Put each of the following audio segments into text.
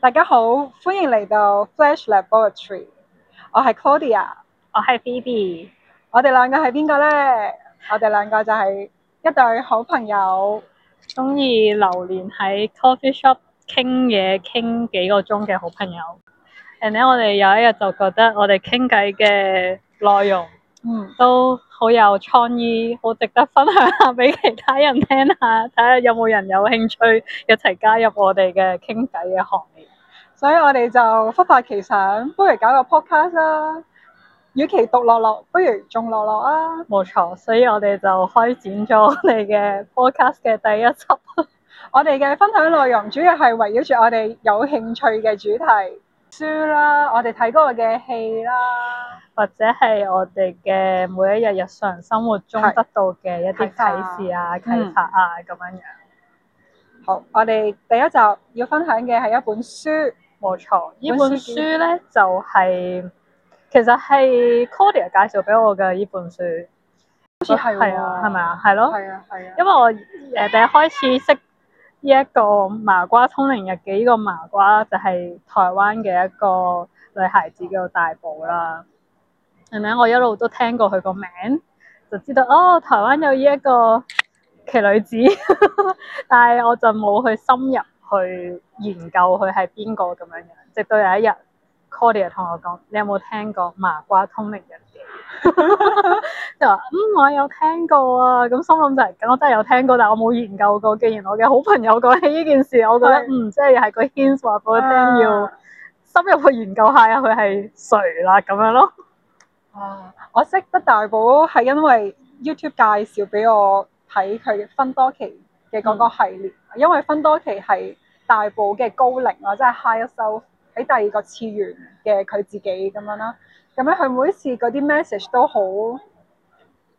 大家好，歡迎嚟到 Flash Laboratory 我 ia, 我。我係 Claudia，我係 Phoebe，我哋兩個係邊個呢？我哋兩個就係一對好朋友，中意流連喺 coffee shop 傾嘢傾幾個鐘嘅好朋友。And then 我哋有一日就覺得我哋傾偈嘅內容。嗯，都好有創意，好值得分享下俾其他人聽下，睇下有冇人有興趣一齊加入我哋嘅傾偈嘅行列。所以我哋就忽發奇想，不如搞個 podcast 啦。與其獨樂樂，不如眾樂樂啊！冇錯，所以我哋就開展咗我哋嘅 podcast 嘅第一集。 我哋嘅分享內容主要係圍繞住我哋有興趣嘅主題書啦，我哋睇過嘅戲啦。或者係我哋嘅每一日日常生活中得到嘅一啲啟示啊、啟發啊咁、啊、樣樣。嗯、好，我哋第一集要分享嘅係一本書，冇錯。呢本書咧就係、是、其實係 Claudia 介紹俾我嘅呢本書。好似係啊，係咪啊？係咯。係啊，係啊。啊因為我誒第一開始識呢一個麻瓜通靈日記嘅呢個麻瓜，就係、是、台灣嘅一個女孩子叫做大寶啦。係咪？我一路都聽過佢個名，就知道哦，台灣有呢一個奇女子， 但係我就冇去深入去研究佢係邊個咁樣樣。直到有一日 Claudia 又同我講：你有冇聽過麻瓜通靈人嘅？ 就話嗯，我有聽過啊。咁心諗就咁，我真係有聽過，但我冇研究過。既然我嘅好朋友講起呢件事，我覺得的嗯，即係係個 hints 話俾我聽，要深入去研究下佢係誰啦，咁樣咯。啊！我識得大寶係因為 YouTube 介紹俾我睇，佢分多奇嘅嗰個系列，嗯、因為分多奇係大寶嘅高靈啊，即係 higher self 喺第二個次元嘅佢自己咁樣啦。咁樣佢每次嗰啲 message 都好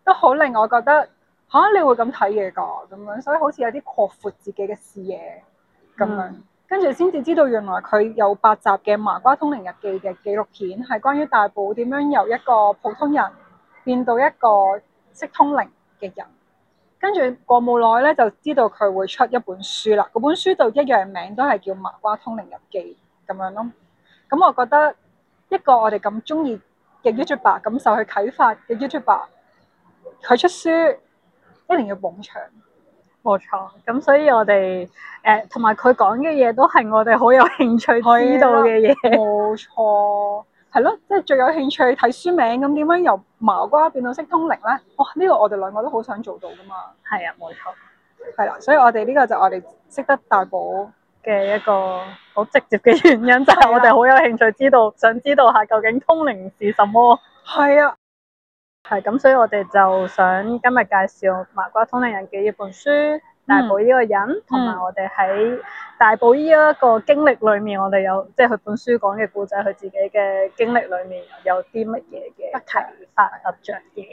都好令我覺得吓、啊，你會咁睇嘢噶咁樣，所以好似有啲擴闊自己嘅視野咁樣。嗯跟住先至知道原來佢有八集嘅《麻瓜通靈日記》嘅紀錄片，係關於大寶點樣由一個普通人變到一個識通靈嘅人。跟住過冇耐咧，就知道佢會出一本書啦。嗰本書就一樣名，都係叫《麻瓜通靈日記》咁樣咯。咁、嗯、我覺得一個我哋咁中意嘅 YouTuber，感受佢啟發嘅 YouTuber，佢出書一定要捧場。冇錯，咁所以我哋誒，同埋佢講嘅嘢都係我哋好有興趣知道嘅嘢。冇錯，係咯， 即係最有興趣睇書名，咁點樣由麻瓜變到識通靈咧？哇、哦、呢、這個我哋兩個都好想做到噶嘛。係啊，冇錯。係啦，所以我哋呢個就我哋識得大寶嘅一個好直接嘅原因， 就係我哋好有興趣知道，的想知道下究竟通靈是什麼。係啊。係咁，所以我哋就想今日介紹《麻瓜通靈人》嘅一本書，嗯、大寶呢個人，同埋、嗯、我哋喺大寶呢一個經歷裏面，我哋有即係佢本書講嘅故仔，佢自己嘅經歷裏面有啲乜嘢嘅不啟發着嘅。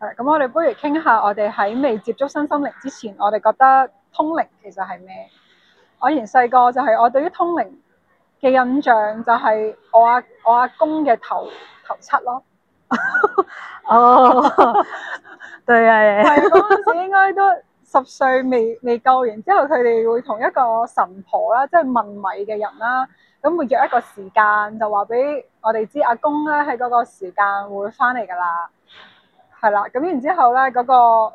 係咁的，我哋不如傾下，我哋喺未接觸身心靈之前，我哋覺得通靈其實係咩？我以前細個就係我對於通靈嘅印象就係我阿我阿公嘅頭頭七咯。 哦，對啊，係嗰陣時應該都十歲未未夠，然之後佢哋會同一個神婆啦，即係問米嘅人啦，咁會約一個時間，就話俾我哋知阿公咧喺嗰個時間會翻嚟噶啦。係啦，咁然之後咧，嗰、嗰個、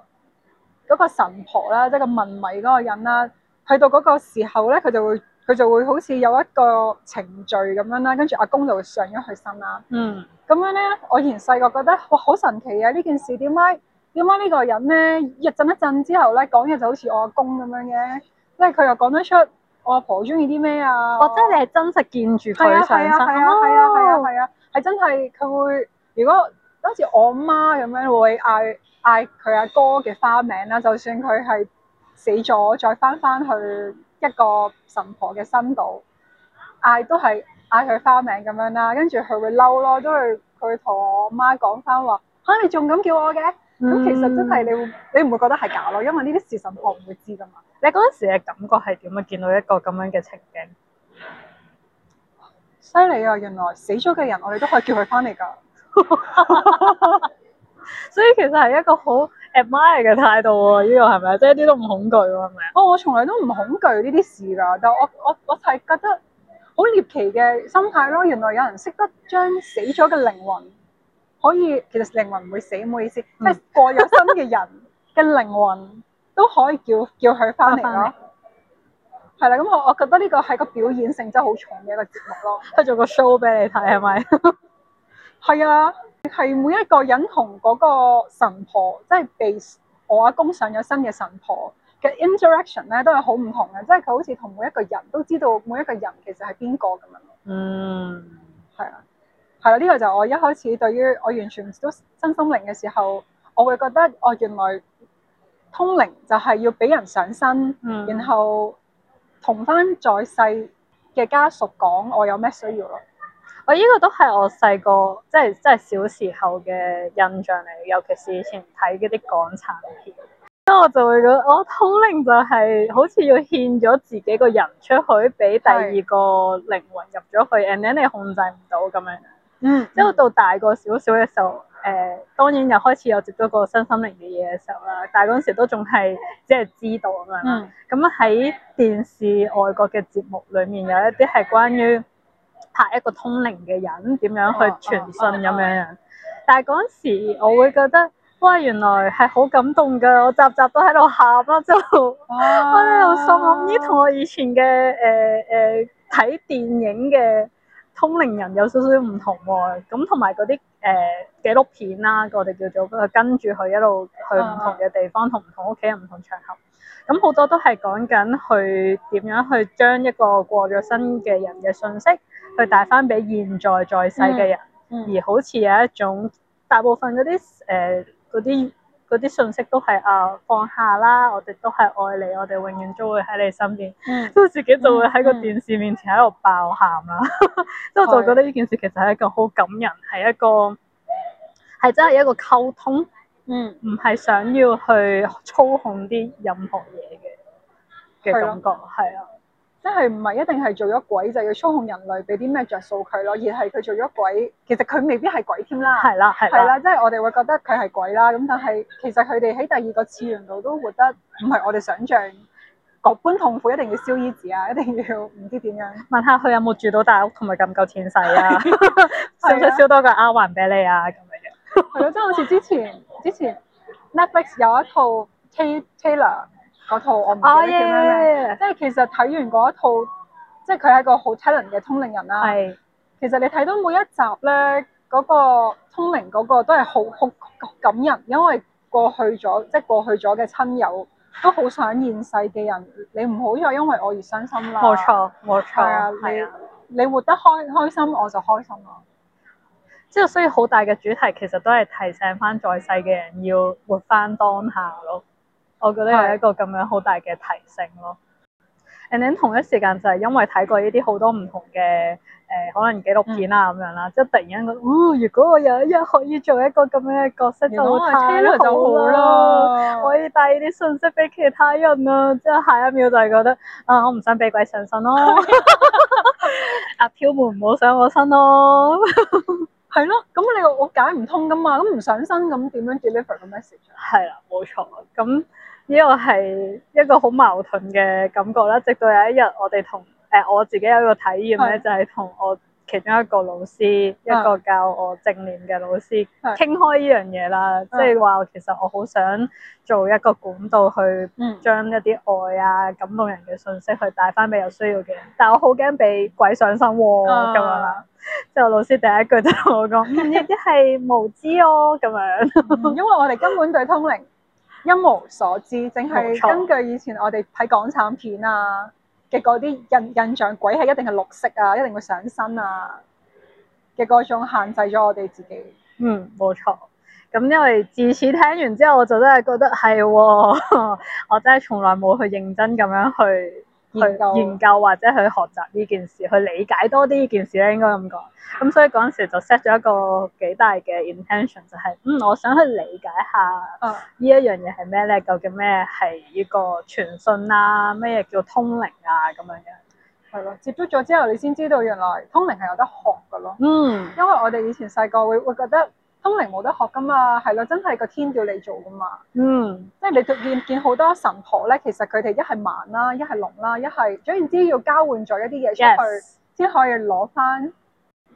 嗰個神婆啦，即係個問米嗰個人啦，去到嗰個時候咧，佢就會。佢就會好似有一個程序咁樣啦，跟住阿公就會上咗佢身啦。嗯，咁樣咧，我以前細個覺得哇，好神奇啊！呢件事點解點解呢個人咧一陣一陣之後咧講嘢就好似我阿公咁樣嘅，即係佢又講得出、嗯、我阿婆中意啲咩啊？或者你係真實見住佢上身。係啊係啊係啊係啊係、啊啊哦、真係佢會。如果好似我阿媽咁樣會嗌嗌佢阿哥嘅花名啦，就算佢係死咗，再翻翻去。一個神婆嘅身度，嗌都係嗌佢花名咁樣啦，跟住佢會嬲咯，都係佢同我媽講翻話，嚇、啊、你仲敢叫我嘅？咁、嗯、其實真係你會，你唔會覺得係假咯，因為呢啲事神婆唔會知噶嘛。你嗰陣時嘅感覺係點啊？見到一個咁樣嘅情景，犀利啊！原來死咗嘅人，我哋都可以叫佢翻嚟㗎。 所以其實係一個好。Admire 嘅態度喎，呢個係咪啊？即係一啲都唔恐懼喎，係咪啊？哦，我從來都唔恐懼呢啲事㗎，但係我我我係覺得好獵奇嘅心態咯。原來有人識得將死咗嘅靈魂可以，其實靈魂唔會死，唔好意思，即係過咗身嘅人嘅靈 魂都可以叫叫佢翻嚟咯。係啦來，咁我我覺得呢個係個表演性真係好重嘅一個節目咯，即係 做個 show 俾你睇係咪？係啊。 係每一個人同嗰個神婆，即係被我阿公上咗身嘅神婆嘅 interaction 咧，都係好唔同嘅，即係佢好似同每一個人都知道每一個人其實係邊個咁樣。嗯，係啊，係啊，呢、這個就我一開始對於我完全唔知道身心靈嘅時候，我會覺得哦，原來通靈就係要俾人上身，嗯、然後同翻在世嘅家屬講我有咩需要咯。我呢個都係我細個，即係即係小時候嘅印象嚟，尤其是以前睇嗰啲港產片，因為我就會覺得我、哦、通靈就係、是、好似要獻咗自己個人出去，俾第二個靈魂入咗去，and then 是你控制唔到咁樣。嗯，之後到大個少少嘅時候，誒、呃、當然又開始有接觸過身心靈嘅嘢嘅時候啦，但係嗰陣時都仲係即係知道咁樣。嗯，咁喺電視外國嘅節目裡面，有一啲係關於。拍一個通靈嘅人點樣去傳訊？咁、啊啊、樣，但係嗰陣時我會覺得哇，原來係好感動㗎，我集集都喺度喊啦，就、啊、 我喺度心諗，咦，同我以前嘅誒誒睇電影嘅通靈人有少少唔同喎，咁同埋嗰啲誒紀錄片啦，我哋叫做跟住佢一路去唔同嘅地方，啊、同唔同屋企人、唔同場合，咁、嗯、好多都係講緊去點樣去將一個過咗身嘅人嘅信息。去帶翻俾現在在世嘅人，嗯嗯、而好似有一種大部分嗰啲誒啲啲信息都係啊放下啦，我哋都係愛你，我哋永遠都會喺你身邊，嗯嗯嗯、都自己就會喺個電視面前喺度爆喊啦、啊，都 就覺得呢件事其實係一個好感人，係一個係真係一個溝通，嗯，唔係想要去操控啲任何嘢嘅嘅感覺，係啊。即係唔係一定係做咗鬼就要操控人類俾啲咩着數佢咯，而係佢做咗鬼，其實佢未必係鬼添啦。係啦，係啦，即係我哋會覺得佢係鬼啦。咁但係其實佢哋喺第二個次元度都活得唔係我哋想象，各般痛苦，一定要燒衣紙啊，一定要唔知點樣。問下佢有冇住到大屋同埋咁夠唔夠錢使啊？想唔想燒多個丫鬟俾你啊？咁樣。係咯，即係好似之前之前 Netflix 有一套 Taylor。嗰套我唔記得叫咩名、oh, yeah, yeah. 即係其實睇完嗰一套，即係佢係一個好 talent 嘅通靈人啦。係是，其實你睇到每一集咧，嗰、嗰個通靈嗰個都係好好感人，因為過去咗，即係過去咗嘅親友都好想現世嘅人，你唔好再因為我而傷心啦。冇錯，冇錯，係啊，你，係啊，你活得開開心，我就開心咯。即係所以好大嘅主題，其實都係提醒翻在世嘅人要活翻當下咯。我覺得係一個咁樣好大嘅提升咯，And then 同一時間就係因為睇過呢啲好多唔同嘅誒、呃、可能紀錄片啦咁樣啦，即係突然間，覺得、哦，如果我有一日可以做一個咁樣嘅角色就就好啦，可以帶啲信息俾其他人啊，即係下一秒就係覺得啊，我唔想俾鬼上身咯，阿飄、 啊、們唔好上我身咯，係 咯，咁你我解唔通㗎嘛，咁唔上身咁點樣 deliver 個 message？係啦，冇錯，咁。呢個係一個好矛盾嘅感覺啦。直到有一日，我哋同誒我自己有一個體驗咧，是 就係同我其中一個老師，uh. 一個教我正念嘅老師，傾開呢樣嘢啦。即係話，其實我好想做一個管道去將一啲愛啊、感動人嘅信息去帶翻俾有需要嘅人，但我好驚俾鬼上身喎咁樣。之後老師第一句就同我講：唔，呢啲係無知哦咁樣，因為我哋根本對通靈，一無所知，淨係根據以前我哋睇港產片啊嘅嗰啲印印象，鬼係一定係綠色啊，一定會上身啊嘅嗰種限制咗我哋自己。嗯，冇錯。咁、嗯、因為自此聽完之後，我就真係覺得係、哦，我真係從來冇去認真咁樣去。去研究或者去學習呢件事，去理解多啲呢件事咧，應該咁講。咁、嗯、所以嗰陣時就 set 咗一個幾大嘅 intention，就係、是、嗯，我想去理解下、啊、一呢一樣嘢係咩咧？究竟咩係呢個傳訊啊？咩嘢叫通靈啊？咁樣樣係咯，接觸咗之後，你先知道原來通靈係有得學噶咯。嗯，因為我哋以前細個會會覺得。通靈冇得學噶嘛，係咯，真係個天叫你做噶嘛，嗯、okay.，即係你見見好多神婆咧，其實佢哋一係盲啦，一係聾啦，一係總言之要交換咗一啲嘢出去，先、yes. 可以攞翻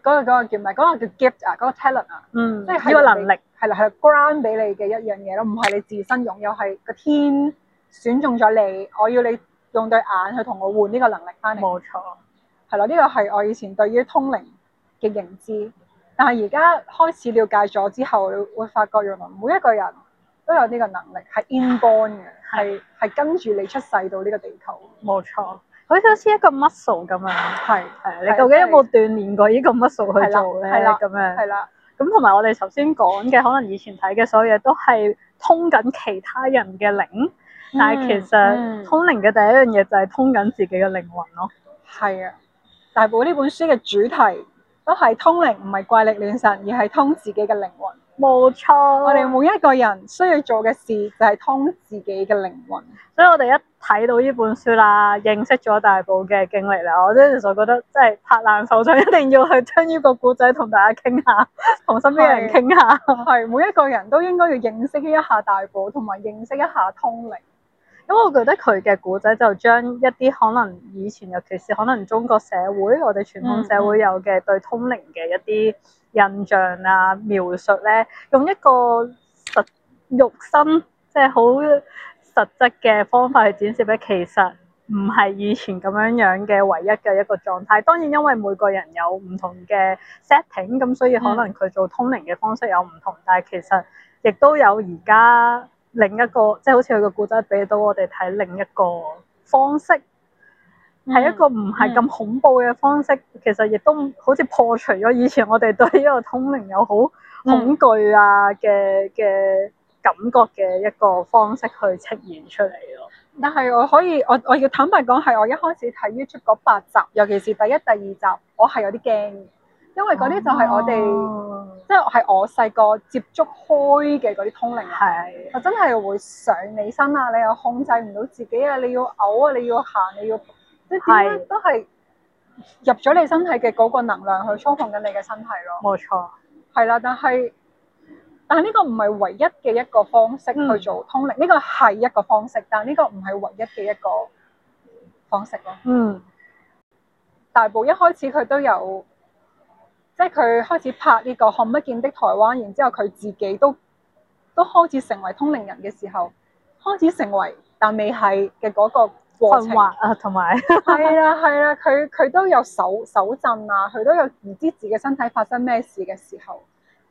嗰個叫咩？嗰個叫 gift 啊，嗰個 talent 啊，嗯，即係呢個能力係啦，係 grant 俾你嘅一樣嘢咯，唔係你自身擁有，係個天選中咗你，我要你用對眼去同我換呢個能力翻嚟，冇錯，係咯，呢個係我以前對於通靈嘅認知。但係而家開始了解咗之後，你會發覺原來每一個人都有呢個能力，係 inborn 嘅，係係的跟住你出世到呢個地球。冇錯，好似好似一個 muscle 咁樣。係係，你究竟有冇鍛鍊過呢個 muscle 去做咧？咁樣係啦。咁同埋我哋頭先講嘅，可能以前睇嘅所有嘢都係通緊其他人嘅靈，嗯、但係其實通靈嘅第一樣嘢就係通緊自己嘅靈魂咯。係啊、嗯嗯，大寶呢本書嘅主題。都係通靈，唔係怪力亂神，而係通自己嘅靈魂。冇錯，我哋每一個人需要做嘅事就係、是、通自己嘅靈魂。所以我哋一睇到呢本書啦，認識咗大寶嘅經歷啦，我真係就覺得真係拍爛手掌，一定要去將呢個故仔同大家傾下，同身邊人傾下。係是 每一個人都應該要認識一下大寶，同埋認識一下通靈。因為我覺得佢嘅古仔就將一啲可能以前，尤其是可能中國社會、我哋傳統社會有嘅對通靈嘅一啲印象啊、描述咧，用一個實肉身即係好實質嘅方法去展示俾，其實唔係以前咁樣樣嘅唯一嘅一個狀態。當然，因為每個人有唔同嘅 setting，咁所以可能佢做通靈嘅方式有唔同，但係其實亦都有而家。另一個即係、就是、好似佢個故仔俾到我哋睇另一個方式，係、嗯、一個唔係咁恐怖嘅方式。嗯、其實亦都好似破除咗以前我哋對呢個通靈有好恐懼啊嘅嘅感覺嘅一個方式去呈現出嚟咯。但係我可以我我要坦白講，係我一開始睇 YouTube 嗰八集，尤其是第一第二集，我係有啲驚。因為嗰啲就係我哋、嗯、即係我細個接觸開嘅嗰啲通靈啊，就是真係會上你身啊，你又控制唔到自己啊，你要嘔啊，你要行，啊，你要，即係點都係入咗你身體嘅嗰個能量去操控緊你嘅身體咯。冇錯錯，係啦。但係但係呢個唔係唯一嘅一個方式去做通靈，呢個係一個方式，但係呢個唔係唯一嘅一個方式咯。嗯，大寶一開始佢都有。即係佢開始拍呢、這個看不見的台灣，然之後佢自己都都開始成為通靈人嘅時候，開始成為但未係嘅嗰個過程啊，同埋係啦係啦，佢佢都有手手震啊，佢都有唔知自己身體發生咩事嘅時候，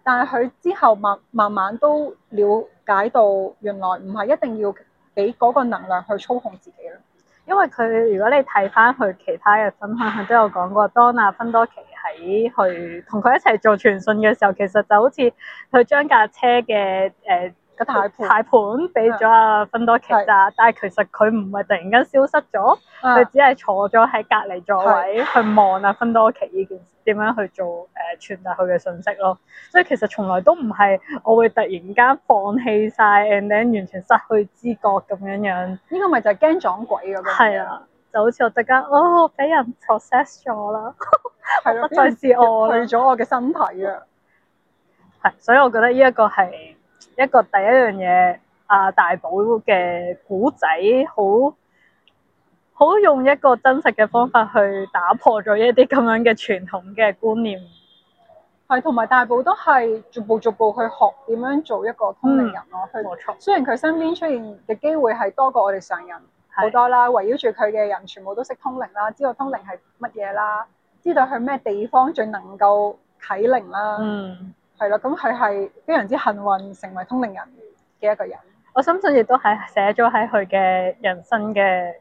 但係佢之後慢慢慢都了解到，原來唔係一定要俾嗰個能量去操控自己啦，因為佢如果你睇翻佢其他嘅分享，佢都有講過當阿分多奇喺去同佢一齊做傳訊嘅時候，其實就好似佢將架車嘅誒個軚盤俾咗阿分多奇咋，的但係其實佢唔係突然間消失咗，佢的只係坐咗喺隔離座位去望阿分多奇呢件點樣去做誒、呃、傳達佢嘅訊息咯。所以其實從來都唔係我會突然間放棄晒，and then 完全失去知覺咁樣樣，呢個咪就係驚撞鬼咁樣，係呀。就好似我即刻哦，俾人 process 咗啦 的，係咯，再是我，去咗我嘅身體啊！係，所以我覺得呢一個係一個第一樣嘢啊，大寶嘅古仔好好用一個真實嘅方法去打破咗一啲咁樣嘅傳統嘅觀念。係，同埋大寶都係逐步逐步去學點樣做一個通靈人咯。冇錯，雖然佢身邊出現嘅機會係多過我哋常人。好多啦，圍繞住佢嘅人全部都識通靈啦，知道通靈係乜嘢啦，知道去咩地方最能夠啟靈啦。嗯，係啦，咁佢係非常之幸運，成為通靈人嘅一個人。我深信亦都係寫咗喺佢嘅人生嘅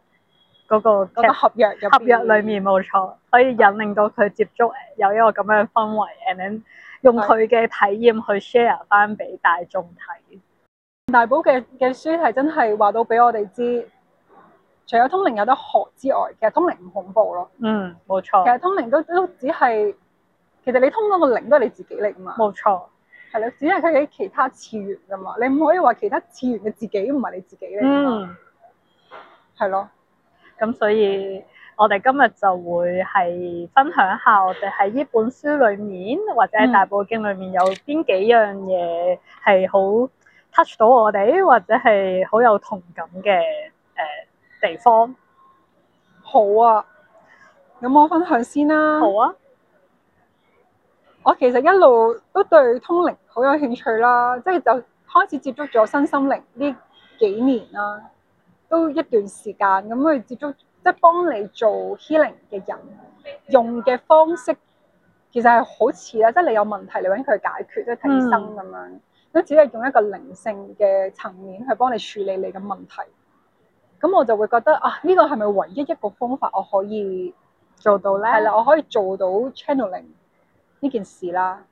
嗰、嗰個合約裡合約裏面，冇錯，可以引領到佢接觸有一個咁樣嘅氛圍，and then 用佢嘅體驗去 share 翻俾大眾睇。的大寶嘅嘅書係真係話到俾我哋知。除咗通靈有得學之外，其實通靈唔恐怖咯。嗯，冇錯。其實通靈都都只係，其實你通到個靈都係你自己嚟㗎嘛。冇錯，係啦，只係佢喺其他次元㗎嘛。你唔可以話其他次元嘅自己唔係你自己咧。嗯，係咯的。咁所以我哋今日就會係分享下我哋喺呢本書裡面或者《大寶經》裡面有邊幾樣嘢係好 touch 到我哋，或者係好有同感嘅誒。呃地方。好啊，有冇分享先啦。好啊！我其實一路都對通靈好有興趣啦，即係就開始接觸咗新心靈呢幾年啦，都一段時間咁去接觸，即係幫你做 healing 嘅人，用嘅方式其實係好似啊，即係你有問題，你搵佢解決，即係睇醫生咁樣，都、嗯、只係用一個靈性嘅層面去幫你處理你嘅問題。咁我就會覺得啊，呢個係咪唯一一個方法我可以做到咧？係啦，嗯，我可以做到 channeling 呢件事啦。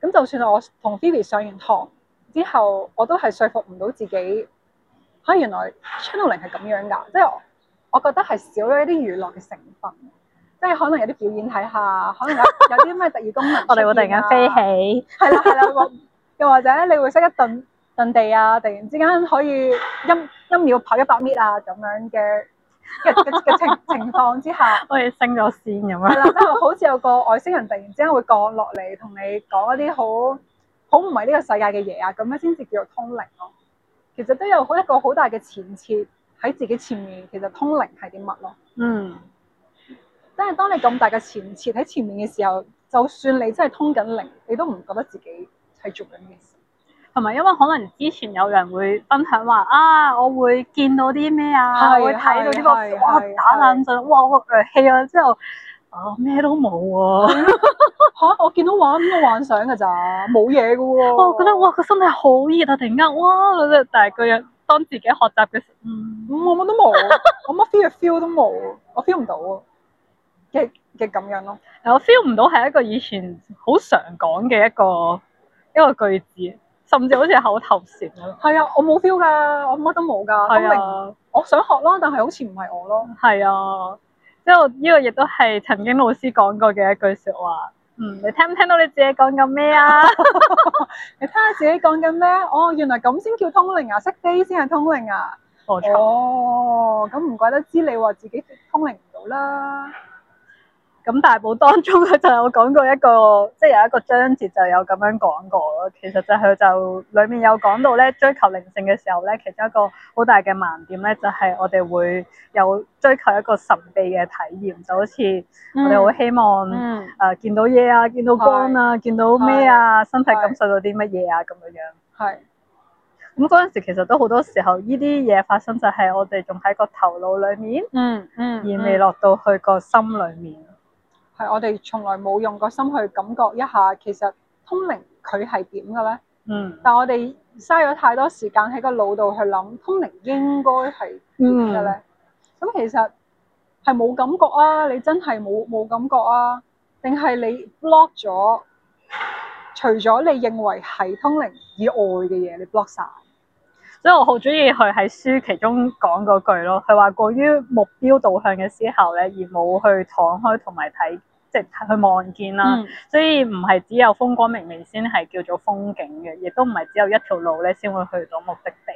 咁就算我同 Vivy 上完堂之後，我都係說服唔到自己可嚇、啊，原來 channeling 係咁樣噶，即係我，我覺得係少咗一啲娛樂嘅成分，即係可能有啲表演睇下，可能有有啲咩特異功能，我哋會突然間飛起，係啦係啦，又或者你會識一頓。遁地啊！突然之間可以一,一秒跑一百米啊！咁樣嘅嘅情情況之下，好似升咗線咁啊！係啦、嗯，即係好似有個外星人突然之間會降落嚟，同你講一啲好好唔係呢個世界嘅嘢啊！咁樣先至叫做通靈咯。其實都有好一個好大嘅前設喺自己前面。其實通靈係啲乜咯？嗯，即係當你咁大嘅前設喺前面嘅時候，就算你真係通緊靈，你都唔覺得自己係做緊嘅事。同埋，因為可能之前有人會分享話啊，我會見到啲咩啊，是我會睇到呢個、啊、哇打冷震，哇我誒氣咗之後啊咩都冇啊, 啊我見到畫咁多幻想㗎咋冇嘢㗎喎。我覺得哇個身體好熱啊！突然間哇，但係句嘢。當自己學習嘅，嗯，我乜都冇，我乜 feel feel 都冇，我 feel 唔到啊，嘅極咁樣咯。我 feel 唔到係一個以前好常講嘅一個一個,一個句子。甚至好似口頭禪咯，係 啊，我冇 feel 噶，我乜都冇噶、啊、通靈。我想學咯，但係好似唔係我咯。係啊，之後呢個亦都係曾經老師講過嘅一句説話。嗯，你聽唔聽到你自己講緊咩啊？ 你聽下自己講緊咩？哦，原來咁先叫通靈啊！識啲先係通靈啊！冇錯。哦，咁唔怪得知你話自己通靈唔到啦。咁大寶當中，佢就有講過一個，即係有一個章節就有咁樣講過咯。其實就佢就裡面有講到咧，追求靈性嘅時候咧，其中一個好大嘅盲點咧，就係、是、我哋會有追求一個神秘嘅體驗，就好似我哋好希望誒見、嗯呃、到嘢啊，見到光啊，是見到咩啊，是身體感受到啲乜嘢啊，咁樣是樣。係是。咁嗰陣時，其實都好多時候，呢啲嘢發生就係我哋仲喺個頭腦裡面，嗯嗯，嗯嗯嗯而未落到去個心裡面。係我哋從來冇用個心去感覺一下，其實通靈佢係點嘅咧？嗯。但我哋嘥咗太多時間喺個腦度去諗通靈應該係點嘅咧？咁、嗯、其實係冇感覺啊？你真係冇冇感覺啊？定係你 block 咗？除咗你認為係通靈以外嘅嘢，你 block 晒。所以我好中意佢喺書其中講嗰句咯，佢話過於目標導向嘅思考咧，而冇去敞開同埋睇，即係去望見啦。嗯、所以唔係只有風光明媚先係叫做風景嘅，亦都唔係只有一條路咧先會去到目的地。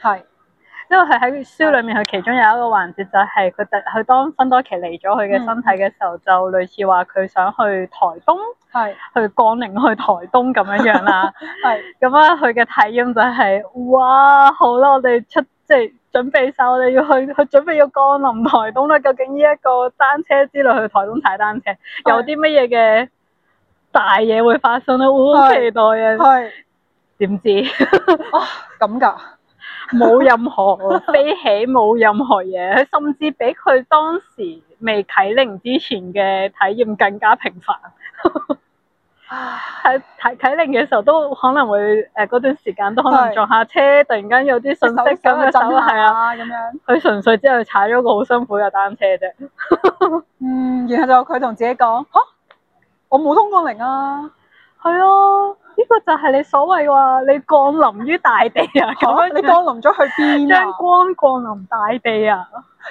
係。因為喺書裏面，佢其中有一個環節就係佢第佢當分多奇嚟咗佢嘅身體嘅時候，嗯、就類似話佢想去台東，係是去降臨去台東咁樣樣啦。係咁咧，佢嘅、嗯、體驗就係、是、哇，好啦，我哋出即係準備晒，我哋要去去準備要降臨台東啦。究竟呢一個單車之旅去台東踩單車是有啲乜嘢嘅大嘢會發生咧？好期待啊！係點知啊咁噶？哦。冇 任何飛起，冇任何嘢，佢甚至比佢當時未啟靈之前嘅體驗更加平凡。喺 啟啟靈嘅時候都可能會誒，嗰段時間都可能撞下車，對突然間有啲信息咁嘅手啊咁對樣。佢純粹只係踩咗個好辛苦嘅單車啫。 嗯，然後就佢同自己講：嚇， 我冇通過靈啊，係啊。呢個就係你所謂話你降臨於大地啊，咁、啊、你降臨咗去邊啊？將光降臨大地啊！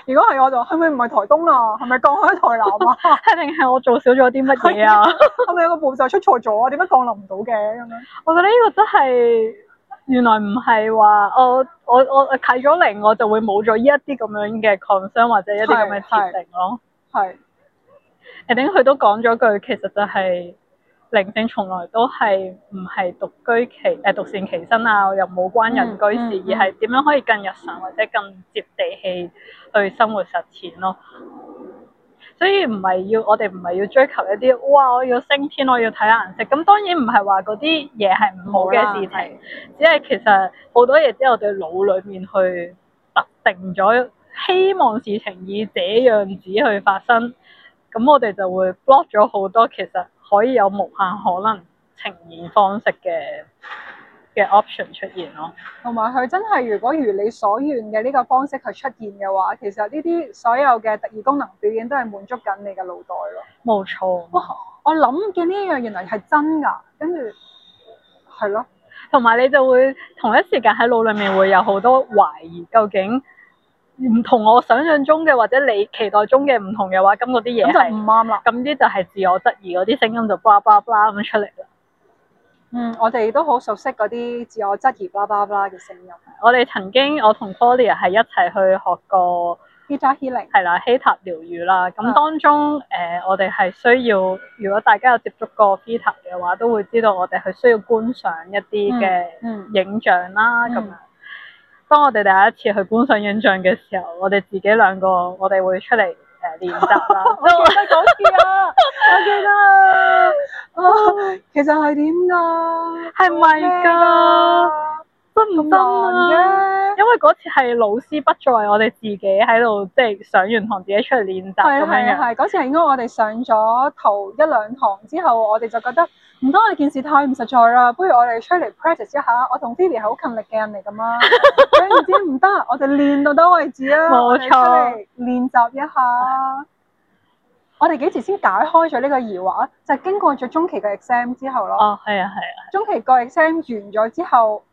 如果係我就係咪唔係台東啊？係咪降喺台南啊？一定係我做少咗啲乜嘢啊？係咪有個步驟出錯咗啊？點解降臨唔到嘅咁樣？ 我覺得呢個真係原來唔係話我我我啟咗靈，我，我就會冇咗呢一啲咁樣嘅 concern 或者一啲咁嘅設定咯。係，阿頂佢都講咗句，其實就係、是。靈性從來都係唔係獨居其誒、呃、獨善其身啊，又冇關人居事，嗯嗯、而係點樣可以更日常或者更接地氣去生活實踐咯。所以唔係要我哋唔係要追求一啲哇，我要升天，我要睇顏色。咁當然唔係話嗰啲嘢係唔好嘅事情，嗯嗯嗯嗯、只係其實好多嘢都喺我哋腦裡面去特定咗，希望事情以這樣子去發生。咁我哋就會 block 咗好多其實。可以有無限可能呈現方式嘅嘅 option 出現咯，同埋佢真係如果如你所願嘅呢個方式去出現嘅話，其實呢啲所有嘅特異功能表演都係滿足緊你嘅腦袋咯。冇錯，哦，我諗嘅呢樣原來係真噶，跟住係咯，同埋你就會同一時間喺腦裏面會有好多懷疑，究竟。唔同我想象中嘅，或者你期待中嘅唔同嘅話，咁嗰啲嘢咁就唔啱啦。咁啲就係自我質疑嗰啲聲音就叭叭叭咁出嚟啦。嗯，我哋都好熟悉嗰啲自我質疑叭叭叭嘅聲音。我哋曾經我同 Claudia 係一齊去學過 Healing 係啦，希塔療癒啦。咁當中誒、呃，我哋係需要，如果大家有接觸過 e 希塔嘅話，都會知道我哋係需要觀賞一啲嘅影像啦，咁樣、嗯。嗯嗯嗯嗯當我哋第一次去觀賞影像嘅時候，我哋自己兩個，我哋會出嚟誒、呃、練習啦。 我記得嗰次啊，我記得啦。啊，其實係點㗎？係咪㗎？得唔得嘅？行行啊、因為嗰次係老師不在，我哋自己喺度即係上完堂自己出嚟練習咁樣。係係係，嗰次係應該我哋上咗頭一兩堂之後，我哋就覺得。唔得，你件事太唔實在啦。不如我哋出嚟 practice 一下。我同 Phoebe 係好勤力嘅人嚟噶嘛？唔知唔得，我哋練到得為止啊。冇錯錯，練習一下。的我哋幾時先解開咗呢個疑惑？就係、經過咗中期嘅 exam 之後咯。哦，係啊，係啊。中期個 exam 完咗之後。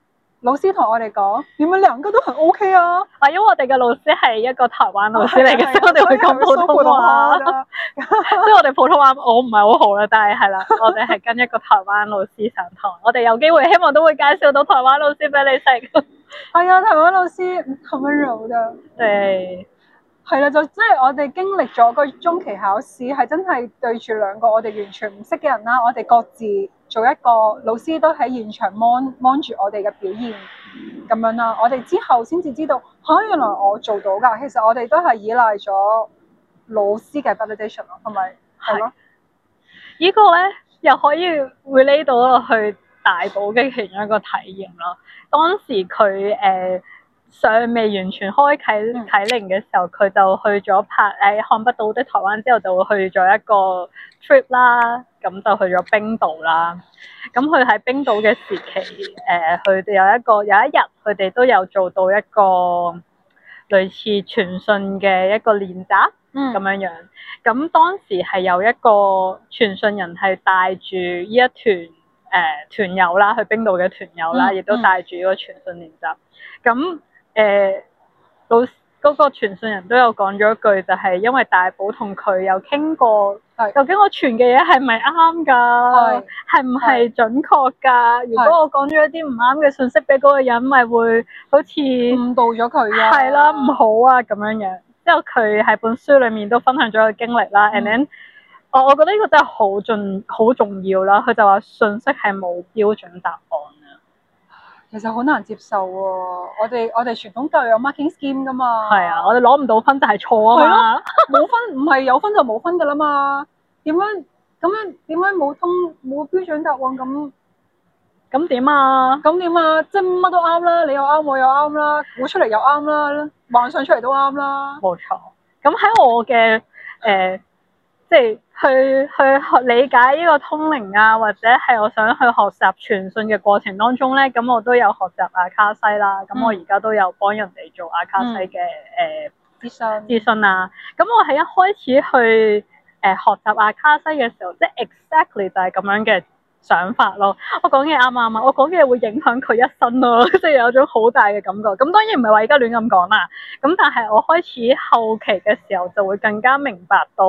老師同我哋講，你們兩個都很 O K 啊！啊，因為我哋嘅老師係一個台灣老師嚟嘅，啊啊、所以我哋會講普通話，即係我哋普通話 我唔係好好啦，但係係啦，我哋係跟一個台灣老師上堂，我哋有機會希望都會介紹到台灣老師俾你食。係 啊、哎，台灣老師好溫柔㗎。 對。係啦，就即係我哋經歷咗個中期考試，係真係對住兩個我哋完全唔識嘅人啦。我哋各自做一個老師都喺現場望望住我哋嘅表現咁樣啦。我哋之後先至知道，吓、啊、原來我做到㗎。其實我哋都係依賴咗老師嘅 validation 咯，係咪？係咯是。吧個呢個咧又可以會嚟到去大寶嘅其中一個體驗咯。當時佢誒。呃尚未完全開啓啟靈嘅時候，佢就去咗拍《誒看不到的台灣》之後，就去咗一個 trip 啦，咁就去咗冰島啦。咁佢喺冰島嘅時期，誒、呃、佢有一個有一日，佢哋都有做到一個類似傳訊嘅一個練習咁樣、嗯、樣。咁當時係有一個傳訊人係帶住呢一團誒、呃、團友啦，去冰島嘅團友啦，亦、嗯、都帶住依個傳訊練習咁。誒，老嗰、呃那個傳信人都有講咗一句，就係因為大寶同佢有傾過，是究竟我傳嘅嘢係咪啱㗎？係唔係準確㗎？如果我講咗一啲唔啱嘅信息俾嗰個人，咪、就是、會好似誤導咗佢呀？係啦、啊，唔好啊咁樣樣。之後佢喺本書裡面都分享咗佢經歷啦。嗯、and then，我、呃、我覺得呢個真係好盡好重要啦。佢就話信息係冇標準答案。其實好難接受喎，我哋我哋傳統教育有 marking scheme 噶嘛，係啊，我哋攞唔到分，但係錯啊嘛，冇 分唔係有分就冇分噶啦嘛，點樣咁樣點解冇通冇標準答案咁咁點啊？咁點啊？即係乜都啱啦，你又啱，我又啱啦，估出嚟又啱啦，幻想出嚟都啱啦，冇錯。咁喺我嘅誒。呃 即係去去學理解呢個通靈啊，或者係我想去學習傳訊嘅過程當中咧，咁我都有學習阿卡西啦。咁、嗯、我而家都有幫人哋做阿卡西嘅誒諮詢諮詢啊。咁我喺一開始去誒、呃、學習阿卡西嘅時候，即係 exactly 就係、是、咁樣嘅想法咯。我講嘅啱唔啱啊？我講嘅嘢會影響佢一生咯，即 係有一種好大嘅感覺。咁當然唔係話而家亂咁講啦。咁但係我開始後期嘅時候就會更加明白到。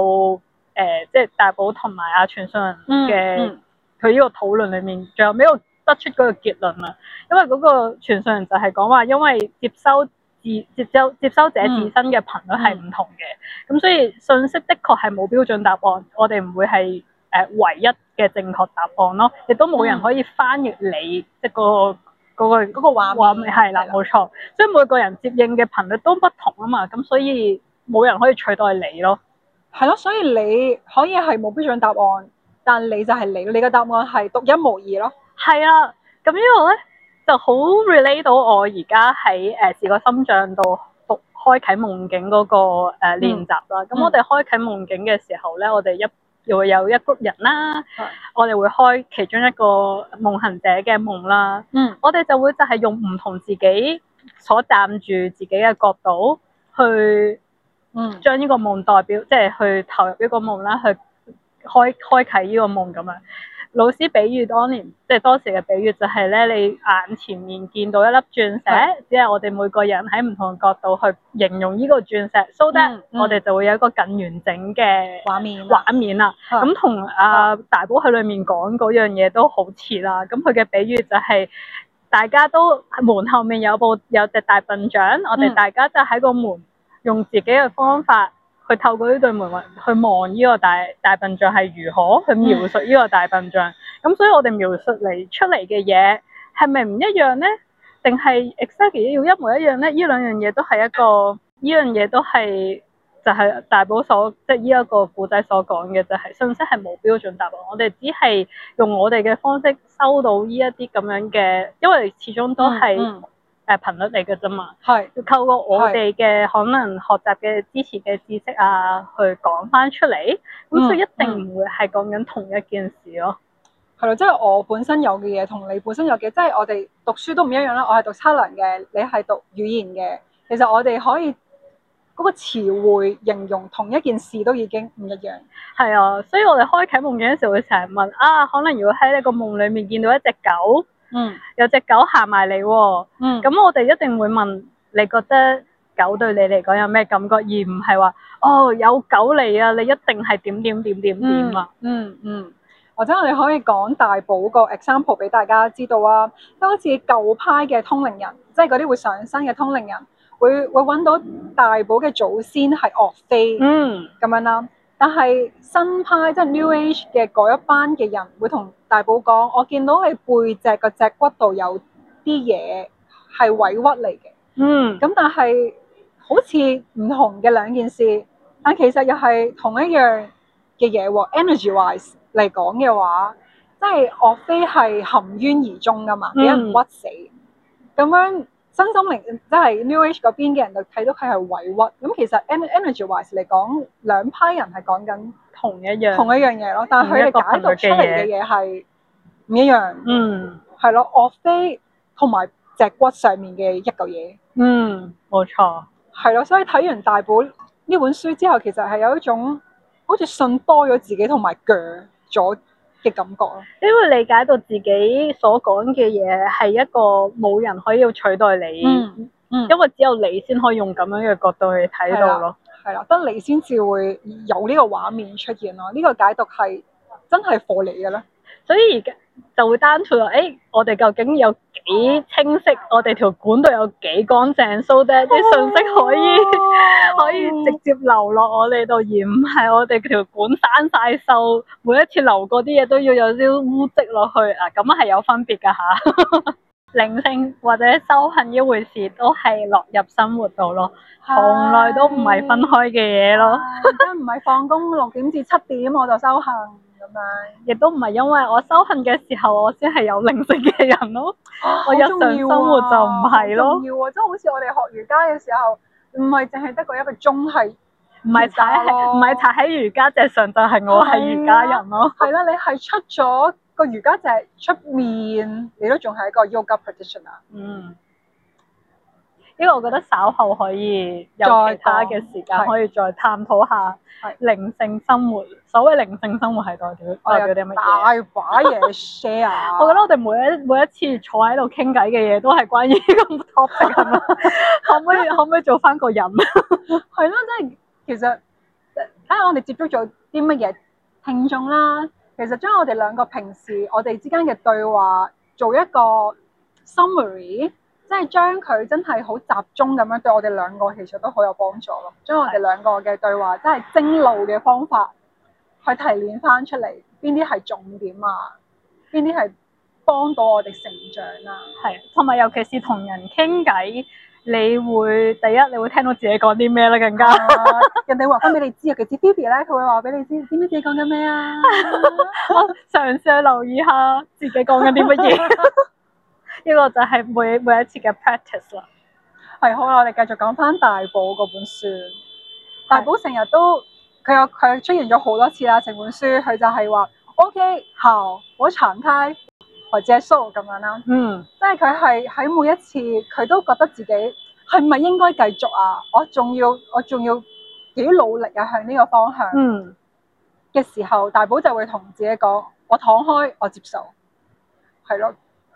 誒、呃，即係大寶同埋阿傳訊人嘅佢呢個討論裡面，最後尾我得出嗰個結論啦。因為嗰個傳訊人就係講話，因為接收自接收接收者自身嘅頻率係唔同嘅，咁、嗯、所以信息的確係冇標準答案，我哋唔會係誒、呃、唯一嘅正確答案咯，亦都冇人可以翻譯你即係、嗰個嗰、嗰個嗰、嗰個話話係啦，冇對錯，所以每個人接應嘅頻率都不同啊嘛，咁所以冇人可以取代你咯。係咯，所以你可以係冇標準答案，但你就係你，你嘅答案係獨一無二咯。係啊，咁呢個咧就好 relate 到我而家喺誒視覺心像度開啟夢境嗰、那個誒練習啦。咁、呃嗯、我哋開啟夢境嘅時候咧，我哋一又有一 group 人啦，嗯、我哋會開其中一個夢行者嘅夢啦。嗯，我哋就會就係用唔同自己所站住自己嘅角度去。嗯，將呢個夢代表，即係去投入呢個夢啦，去開開啟呢個夢咁樣。老師比喻當年，即係當時嘅比喻就係、是、咧，你眼前面見到一粒鑽石，只係的我哋每個人喺唔同角度去形容呢個鑽石，so that、嗯、我哋就會有一個更完整嘅畫面畫面啦。咁同阿大寶喺裏面講嗰樣嘢都好似啦。咁佢嘅比喻就係、是、大家都門後面有部有隻大笨象，我哋大家就喺個門。用自己嘅方法去透過呢對門雲去望呢個大大笨象，係如何去描述呢個大笨象，咁、嗯、所以我哋描述嚟出嚟嘅嘢係咪唔一樣呢？定係 exactly 要一模一樣呢？呢兩樣嘢都係一個，呢樣嘢都係就係、是、大寶所即係呢一個古仔所講嘅就係、是、信息係冇標準答案，我哋只係用我哋嘅方式收到呢一啲咁樣嘅，因為始終都係。嗯嗯誒頻率嚟嘅啫嘛，係是要透過我哋嘅是可能學習嘅支持嘅知識啊，去講返出嚟，咁、嗯、所以一定唔會係講緊同一件事咯。係咯、嗯，即、嗯、係、就是、我本身有嘅嘢同你本身有嘅，即、就、係、是、我哋讀書都唔一樣啦。我係讀測量嘅，你係讀語言嘅。其實我哋可以嗰個詞彙形容同一件事都已經唔一樣。係啊，所以我哋開啟夢境嘅時候會成日問啊，可能如果喺你個夢裡面見到一隻狗。嗯，有隻狗行埋嚟喎。嗯，咁我哋一定會問，你覺得狗對你嚟講有咩感覺？而唔係話哦，有狗嚟啊，你一定係點點點點點啊。嗯嗯，或、嗯、者、嗯、我哋可以講大寶個 example 俾大家知道啊，都好似舊派嘅通靈人，即係嗰啲會上身嘅通靈人，會會搵到大寶嘅祖先係岳飛。嗯，咁樣啦、啊。但係新派即係、就是、New Age 嘅嗰一班嘅人會同大寶講，我見到你背脊個脊骨度有啲嘢係委屈嚟嘅。嗯，咁但係好似唔同嘅兩件事，但其實又係同一樣嘅嘢喎。Energy wise 嚟講嘅話，即係岳飛係含冤而終㗎嘛，俾人屈死咁、嗯、樣。心中明都係 New Age 嗰邊嘅人就睇到佢係委屈咁，其實 energy wise 嚟講，兩批人係講緊同一樣同一樣嘢咯，但係佢哋解讀出嚟嘅嘢係唔一樣。嗯，係咯，岳飛同埋脊骨上面嘅一嚿嘢。嗯，冇錯。係咯，所以睇完大寶呢本書之後，其實係有一種好似信多咗自己同埋頸咗。嘅感覺咯，因為你會理解到自己所講嘅嘢係一個冇人可以取代你。嗯嗯，嗯，因為只有你先可以用咁樣嘅角度去睇到咯，係啦、嗯，得、嗯嗯、你先至會有呢個畫面出現咯，呢、呢個解讀係真係貨你嘅咧。所以而家就會單純話，誒，我哋究竟有幾清晰？我哋條管度有幾乾淨？所以啲信息可以 oh. Oh. 可以直接流落我哋度，而唔係我哋條管生晒。臭，每一次流過啲嘢都要有啲污跡落去啊！咁係有分別㗎嚇。啊、 靈性或者修行呢回事都係落入生活度咯，從來都唔係分開嘅嘢咯。唔係放工六點至七點我就修行。亦都唔係因為我修行嘅時候我先係有靈性嘅人咯，哦、我日常生活就唔係咯，哦、要即、啊、係、啊就是、好似我哋學瑜伽嘅時候，唔係淨係得個一個鐘係、啊，唔係踩唔係踩喺瑜伽石上，但、就、係、是、我係瑜伽人咯，係啦、啊啊，你係出咗個瑜伽石出面，你都仲係一個 yoga practitioner，嗯。呢個我覺得稍後可以有其他嘅時間可以再探討下靈性生活。係係所謂靈性生活係代表代表啲乜？大把嘢 share。我，分享 我覺得我哋每一是的 每一次坐喺度傾偈嘅嘢都係關於呢個 topic。可唔可以 可唔可以做翻個人？ 係 咯樂，即係其實睇下我哋接觸咗啲乜嘢聽眾啦。其實將我哋兩個平時我哋之間嘅對話做一個 summary。即係將佢真係好集中咁樣對我哋兩個，其實都好有幫助咯。將我哋兩個嘅對話，真係精路嘅方法，去提煉翻出嚟，邊啲係重點啊？邊啲係幫到我哋成長啊？係，同埋尤其是同人傾偈，你會第一你會聽到自己講啲咩咧？更加 人哋話翻俾你知，尤其是 Phoebe 咧，佢會話俾你知，知唔知自己講緊咩啊？ 我嘗試留意下自己講緊啲乜嘢。 呢個就係每每一次嘅 practice 啦。係好啦，我哋繼續講返大寶嗰本書。是大寶成日都佢有佢出現咗好多次啦，成本書佢就係話：O K，好，okay, how, 我敞開或者 show 咁樣啦。嗯，即係佢係喺每一次佢都覺得自己係咪應該繼續啊？我仲要我仲要幾努力啊？向呢個方向嗯嘅時候，大寶就會同自己講：我敞開，我接受。係咯。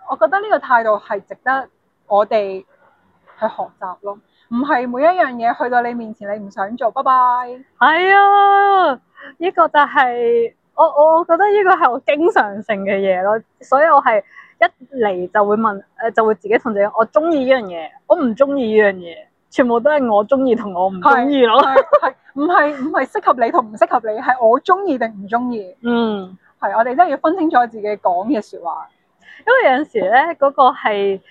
我覺得呢個態度係值得我哋去學習咯，唔係每一樣嘢去到你面前，你唔想做，拜拜。係啊，呢個就係我我覺得呢個係我經常性嘅嘢咯，所以我係一嚟就會問，就會自己同自己，我中意呢樣嘢，我唔中意呢樣嘢，全部都係我中意同我唔中意咯，係，唔係唔係適合你同唔適合你，係我中意定唔中意。嗯，係，我哋真係要分清楚自己講嘅説話。因為有陣時咧，嗰個，那個係誒、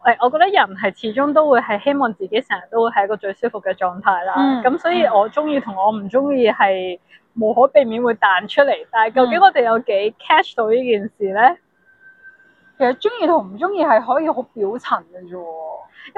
哎，我覺得人係始終都會係希望自己成日都會係一個最舒服嘅狀態啦。咁、嗯、所以，我中意同我唔中意係無可避免會彈出嚟。但係究竟我哋有幾 catch 到呢件事咧？其實中意同唔中意係可以好表層嘅啫，因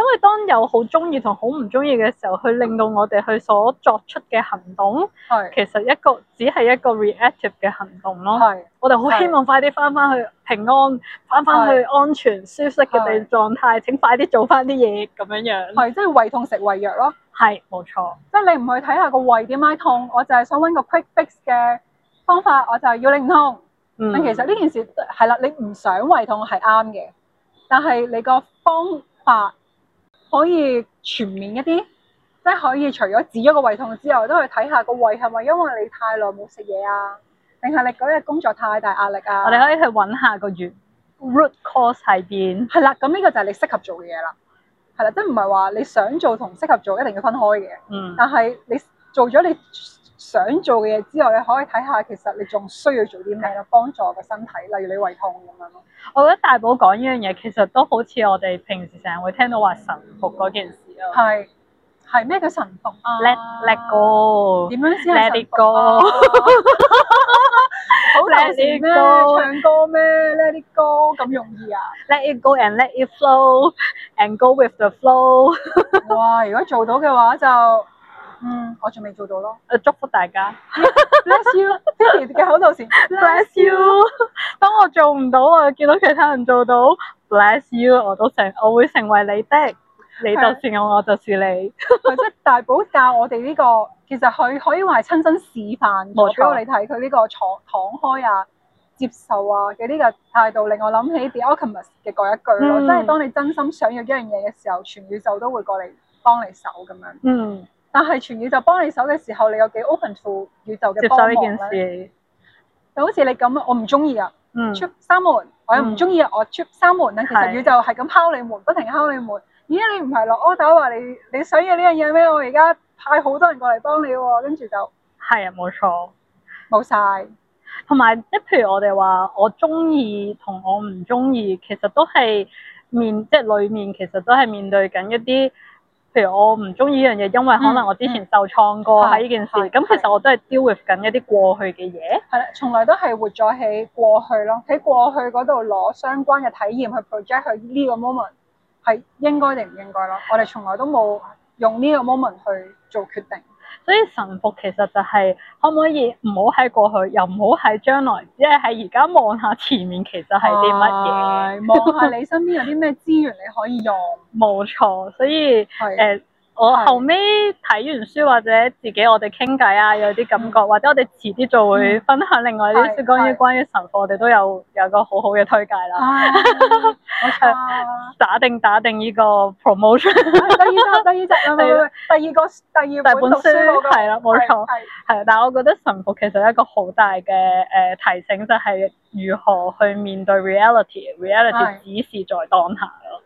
為當有好中意同好唔中意嘅時候，佢令到我哋去所作出嘅行動係，是其實一個只係一個 reactive 嘅行動咯。係是，我哋好希望快啲翻翻去平安，翻翻是去安全舒適嘅狀態，是請快啲做翻啲嘢咁樣樣。係，即係胃痛食胃藥咯。係，冇錯。即係你唔去睇下個胃點解痛，我就係想搵個 quick fix 嘅方法，我就係要令痛。但、嗯、其實呢件事係啦，你唔想胃痛係啱嘅，但係你個方法可以全面一啲，即係可以除咗止咗個胃痛之外，都去睇下個胃係咪因為你太耐冇食嘢啊，定係你嗰日工作太大壓力啊？我哋可以去揾下個原 root cause 喺邊。係啦，咁呢個就係你適合做嘅嘢啦。係啦，即係唔係話你想做同適合做一定要分開嘅。嗯。但係你做咗你。想做嘅嘢之外，你可以睇下，其實你仲需要做啲咩幫助個身體，例如你胃痛咁樣咯。我覺得大寶講呢樣嘢，其實都好似我哋平時成日會聽到話臣服嗰件事咯。係係咩叫臣服啊？Let let go，點樣先係臣服？好難啲咩？唱歌咩？Let it go 咁容易啊？Let it go and let it flow and go with the flow。哇！如果做到嘅話就～嗯，我仲未做到咯。誒，祝福大家。 Bless you，Titi 嘅 口頭禪。Bless you，當我做唔到啊，見到其他人做到，Bless you，我都成，我會成為你的。是你就是我，我就是你。即 係大寶教我哋呢、這個，其實佢可以話係親身示範過俾你睇，佢呢錯個敞敞開啊、接受啊嘅呢個態度，令我諗起 The Alchemist 嘅嗰一句咯。即係、嗯、當你真心想要一樣嘢嘅時候，全宇宙都會過嚟幫你手咁樣。嗯。但係全宇宙幫你手嘅時候，你有幾 open to 宇宙嘅幫助接受呢件事，就好似你咁，我唔中意啊，嗯，出三門，我又唔中意，嗯、我出三門咧。其實宇宙係咁敲你門，是不停敲你門。咦？你唔係落 order 話你你想要呢樣嘢咩？我而家派好多人過嚟幫你喎、哦，跟住就係啊，冇錯，冇晒了。同埋即係譬如我哋話我中意同我唔中意，其實都係面即係裏面，其實都係面，面，面對緊一啲。譬如我唔中意呢樣嘢，因為可能我之前受創過，喺呢件事，咁、嗯嗯、其實我都係 deal with 緊一啲過去嘅嘢。係啦，從來都係活咗喺過去咯，喺過去度攞相關嘅體驗去 project 去呢個 moment 係應該定唔應該咯。我哋從來都冇用呢個 moment 去做決定。所以神服其實就係可唔可以唔好喺過去，又唔好喺將來，只係喺而家望下前面其實係啲乜嘢，望下、哎、你身邊有啲咩資源你可以用。冇 錯，所以誒，我後尾睇完書或者自己我哋傾偈啊，有啲感覺，或者我哋遲啲就會分享另外啲書關於關於神服，我哋都有有個好好嘅推介啦。打定打定呢個 promotion、哎。第二集，第二集啊嘛。第二、那個第二本書，係啦、那個，冇錯。係，但係我覺得神父其實一個好大嘅誒、呃、提醒，就係、是、如何去面對 reality。reality 只是在當下咯。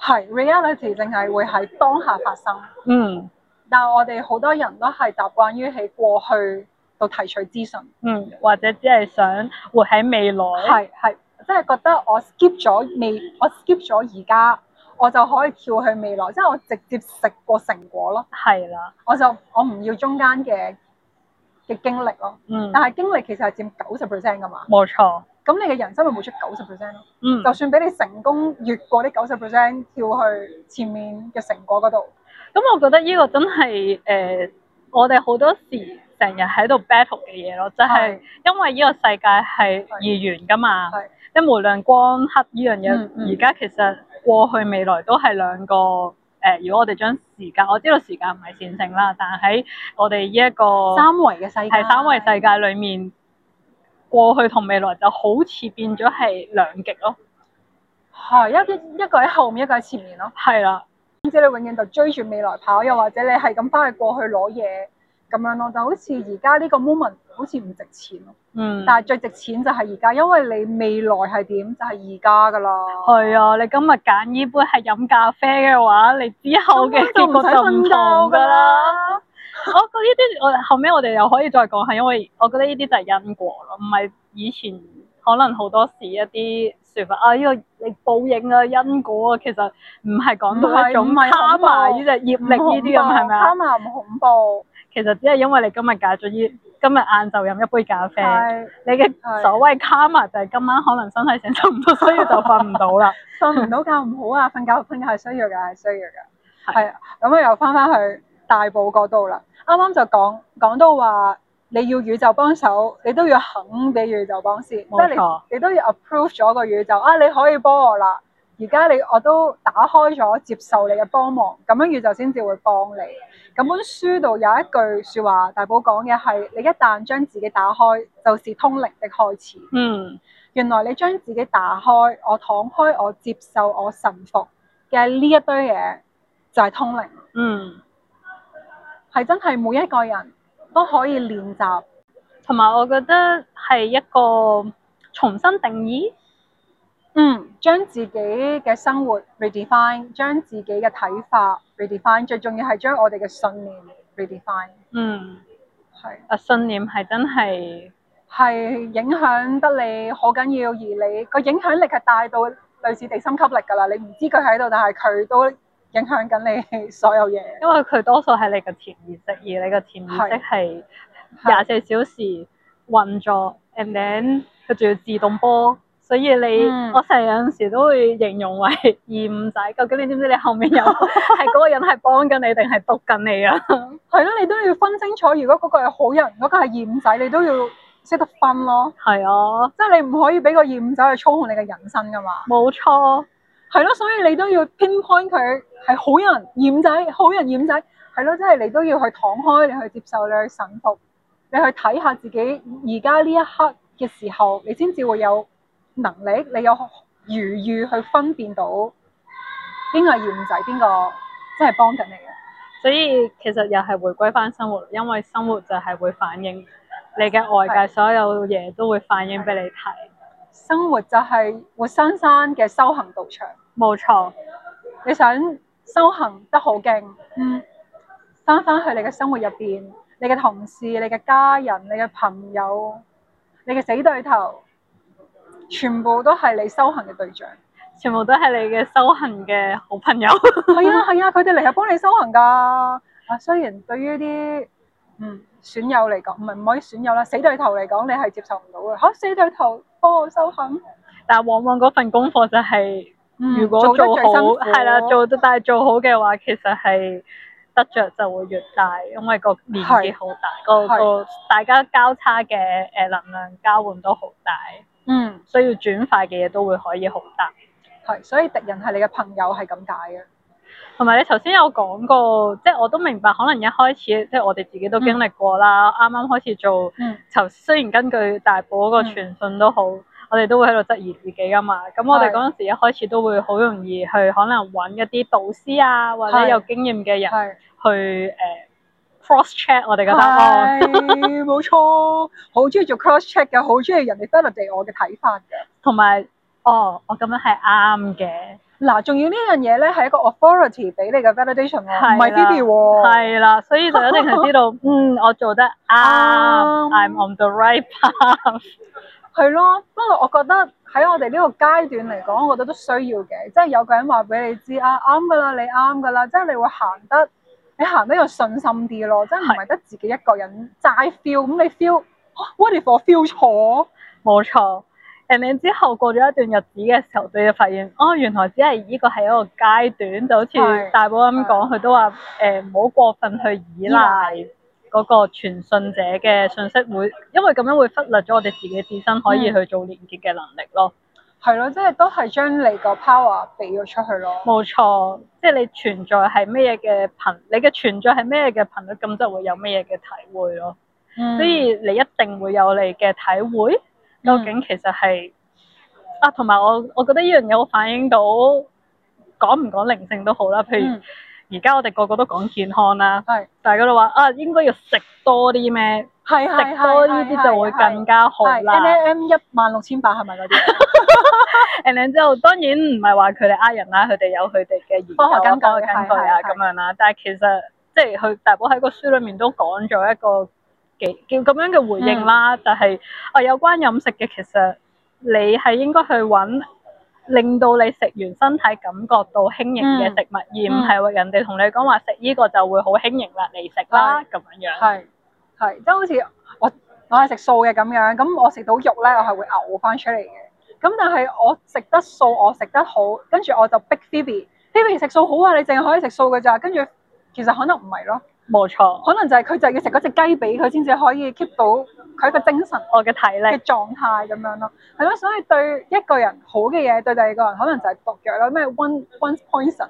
係 reality 淨係會喺當下發生。嗯。但係我哋好多人都係習慣於喺過去度提取資訊。嗯。或者只係想活喺未來。係係。即係覺得我 skip 咗未，我 skip 咗而家，我就可以跳去未來，即係我直接食個成果咯。係啦，我就我唔要中間嘅嘅經歷咯。嗯。但係經歷其實係佔九十 percent 噶嘛。冇錯。咁你嘅人生會冇出九十 percent 咯？嗯。就算俾你成功越過啲九十 percent，跳去前面嘅成果嗰度，嗯。咁我覺得呢個真係誒，我哋好多時成日喺度 battle 嘅嘢咯，就係因為呢個世界係二元噶嘛。係。即無論光黑呢樣嘢，而家、嗯、其實過去未來都係兩個誒、呃。如果我哋將時間，我知道時間唔係線性啦，但係喺我哋呢一個三維嘅世界，係三維世界裏面，的過去同未來就好似變咗係兩極咯。係一一一個喺後面，一個喺前面咯。係啦的，即係你永遠就追住未來跑，又或者你係咁返去過去攞嘢。咁樣咯，就好似而家呢個 moment 好似唔值錢咯，嗯，但係最值錢就係而家，因為你未來係點就係而家噶啦。係啊，你今日揀呢杯係飲咖啡嘅話，你之後嘅結果就唔同噶啦。 我覺得呢啲我後尾，我哋又可以再講下，係因為我覺得呢啲就係因果咯，唔係以前可能好多時一啲説法啊，呢、呢個你報應啊，因果啊，其實唔係講到一種貪嘛，呢隻業力呢啲咁係咪啊？貪唔恐怖。嗎其實只係因為你今日戒咗煙，今日晏晝飲一杯咖啡，是你嘅所謂卡嘛是就係今晚可能身體承受唔到了了，所以就瞓唔到啦。瞓唔到覺唔好啊，瞓 覺瞓覺係需要嘅，係需要嘅。係啊是，咁啊是、嗯、又翻翻去大埔嗰度啦。啱啱就講講到話你要宇宙幫手，你都要肯，畀宇宙幫先，即係錯你你都要 approve 咗個宇宙啊，你可以幫我啦。而家你我都打開咗，接受你嘅幫忙，咁樣宇，宇宙先至會幫你。咁本書度有一句説話，大寶講嘅係：你一旦將自己打開，就是通靈的開始。嗯，原來你將自己打開，我敞開，我接受，我臣服嘅呢一堆嘢，就係通靈。嗯，係真係每一個人都可以練習，同埋我覺得係一個重新定義。嗯，將自己嘅生活 redefine，將自己嘅睇法 redefine，最重要係將我哋嘅信念 redefine。Ine, 嗯，係啊是，信念係真係係影響得你好緊要，而你個影響力係大到類似地心吸力噶啦。你唔知佢喺度，但係佢都影響緊你所有嘢。因為佢多數係你嘅潛意識，而你嘅潛意識係廿四小時運作，and then 佢仲要自動波。所以你、嗯、我成日有陣時都會形容為二五仔。究竟你知唔知你後面有係嗰 個人係幫緊你定係督緊你啊？係咯， 你都要分清楚。如果嗰個係好人，嗰個係二五仔，你都要識得分咯。係啊，即係你唔可以俾個二五仔去操控你嘅人生噶嘛。冇錯，係咯。所以你都要 pinpoint 佢係好人二五仔，好人二五仔係咯，即係、就是、你都要去敞開，你去接受，你去信服，你去睇下自己而家呢一刻嘅時候，你先至會有。能力，你有餘裕去分辨到邊個係賢仔，邊個真係幫緊你嘅。所以其實又係回歸翻生活，因為生活就係會反映你嘅外界所有嘢，都會反映俾你睇。生活就係活生生嘅修行道場，冇錯錯，你想修行得好勁，嗯，翻翻去你嘅生活入邊，你嘅同事、你嘅家人、你嘅朋友、你嘅死對頭。全部都係你修行嘅對象，全部都係你嘅修行嘅好朋友。係啊係啊，佢哋嚟係幫你修行噶。啊，雖然對於啲嗯損友嚟講，唔係唔可以損友啦，死對頭嚟講，你係接受唔到嘅。好、啊、死對頭幫我修行，但係往往嗰份功課就係如果做得最辛苦，係啦，做得但係做好嘅話，其實係得着就會越大，因為個年紀好大，個個大家交叉嘅誒能量交換都好大。嗯，需要轉化嘅嘢都會可以好得，係，所以敵人係你嘅朋友係咁解嘅。同埋你頭先有講過，即係我都明白，可能一開始即係我哋自己都經歷過啦，啱啱、嗯、開始做，就、嗯、雖然根據大寶嗰個傳訊都好，嗯、我哋都會喺度質疑自己噶嘛。咁、嗯、我哋嗰陣時一開始都會好容易去可能揾一啲導師啊，嗯、或者有經驗嘅人去誒。嗯嗯嗯 cross check 我哋嘅答案係冇錯，好中意做 cross check 嘅，好中意人哋 validate 我嘅睇法嘅，同埋哦，我咁樣係啱嘅。嗱，仲要呢樣嘢咧，係一個 authority 俾你嘅 validation，唔係 B B 喎，係啦，所以就一定係知道， 嗯，我做得啱 ，I'm on the right path。係咯， 不過我覺得喺我哋呢個階段嚟講，我覺得都需要嘅，即係有個人話俾你知啊，啱噶啦，你啱噶啦，即係你會行得。你行得有信心啲咯，即係唔係得自己一個人齋是 feel 咁，你 feel，what if 我 feel 錯？冇錯，誒你之後過咗一段日子嘅時候，你就發現哦，原來只係依個係一個階段，嗯、就好似大寶咁講，佢是都話誒唔好過分去依賴嗰個傳信者嘅信息，會，因為咁樣會忽略咗我哋自己自身可以去做連結嘅能力咯。嗯係咯，即係都係將你個 power 俾咗出去咯。冇錯，即係你存在係咩嘢嘅頻，你嘅存在係咩嘢嘅頻率，咁就會有咩嘢嘅體會咯。所以你一定會有你嘅體會。究竟其實係啊，同埋我我覺得呢樣嘢好反映到講唔講靈性都好啦。譬如而家我哋個個都講健康啦，係，大家都話啊，應該要食多啲咩？係係食多呢啲就會更加好啦。N A M 一萬六千八係咪嗰啲？and then 就當然唔係話佢哋呃人啦，佢哋有佢哋嘅科學根據啊，咁樣啦。但係其實即係佢大寶喺個書裏面都講咗一個叫咁樣嘅回應啦，就係啊，有關飲食嘅，其實你係應該去搵令到你食完身體感覺到輕盈嘅食物，而唔係話人哋同你講話食呢個就會好輕盈啦，嚟食啦，咁樣樣，係係即係好似我我係食素嘅咁樣，咁我食到肉咧，我係會嘔翻出嚟嘅。咁但係我食得素，我食得好，跟住我就逼 Phoebe，Phoebe 食素好啊，你淨係可以食素嘅咋？跟住，其實可能唔係咯，冇錯錯，可能就係佢就要食嗰隻雞髀，佢先至可以 keep 到佢一個精神，我嘅體力嘅狀態咁樣咯，係咯，所以對一個人好嘅嘢，對第二個人可能就係毒藥啦，咩 one once poison，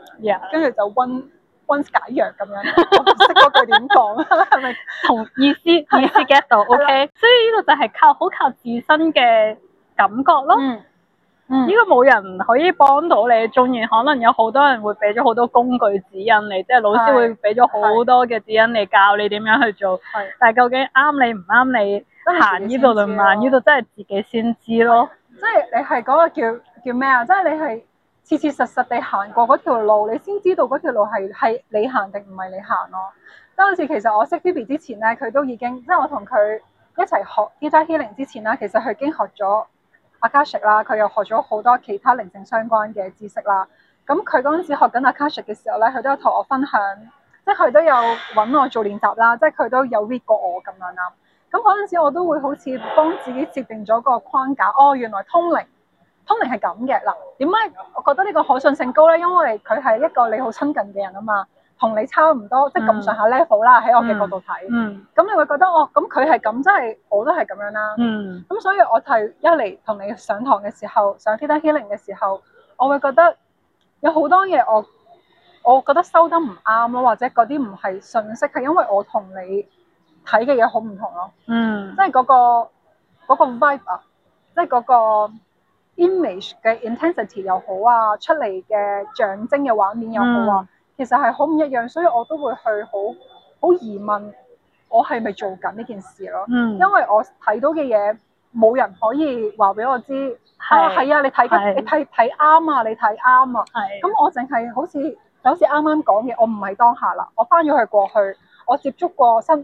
跟住 Yeah. 就 one once 解藥咁樣，我唔識嗰 句點講，係咪同意思同意思 get 到？OK， 對所以呢個就係靠好靠自身嘅。感覺咯，嗯嗯、呢個冇人可以幫到你。縱然可能有好多人會俾咗好多工具指引你，即係老師是會俾咗好多嘅指引你，是教你點樣去做，是但係究竟啱你唔啱你行呢度定唔行呢度，真係自己先知咯。即係你係嗰個叫叫咩啊？即係你係切切實實地行過嗰條路，你先知道嗰條路係係你行定唔係你行咯。當時其實我識 Bibi 之前咧，佢都已經即係我同佢一齊學 Theta Healing 之前啦，其實佢已經學咗。阿卡西啦，佢又學咗好多其他靈性相關嘅知識啦。咁佢嗰陣時學緊阿卡西嘅時候咧，佢都有同我分享，即係佢都有搵我做練習啦，即係佢都有 read 過我咁樣啦。咁嗰陣時我都會好似幫自己設定咗個框架。哦，原來通靈，通靈係咁嘅。嗱，點解我覺得呢個可信性高咧？因為佢係一個你好親近嘅人啊嘛。同你差唔多，即係咁上下 level 啦，喺、嗯、我嘅角度睇，咁、嗯嗯、你會覺得哦，咁佢係咁，即、就、係、是、我都係咁樣啦、啊。咁、嗯、所以我係一嚟同你上堂嘅時候，上 Theta Healing 嘅時候，我會覺得有好多嘢我我覺得收得唔啱咯，或者嗰啲唔係信息，係因為我你同你睇嘅嘢好唔同咯。即係嗰個嗰個 vibe 啊，即係嗰個 image 嘅 intensity 又好啊，出嚟嘅象徵嘅畫面又好啊。嗯。其實係好唔一樣，所以我都會去好好疑問我係咪做緊呢件事咯。嗯，因為我睇到嘅嘢冇人可以話俾我知。係是啊，係啊，你睇得的你睇睇啱啊，你睇啱啊。係的。咁我淨係好似有時啱啱講嘅，我唔係當下啦，我翻咗去過去，我接觸過新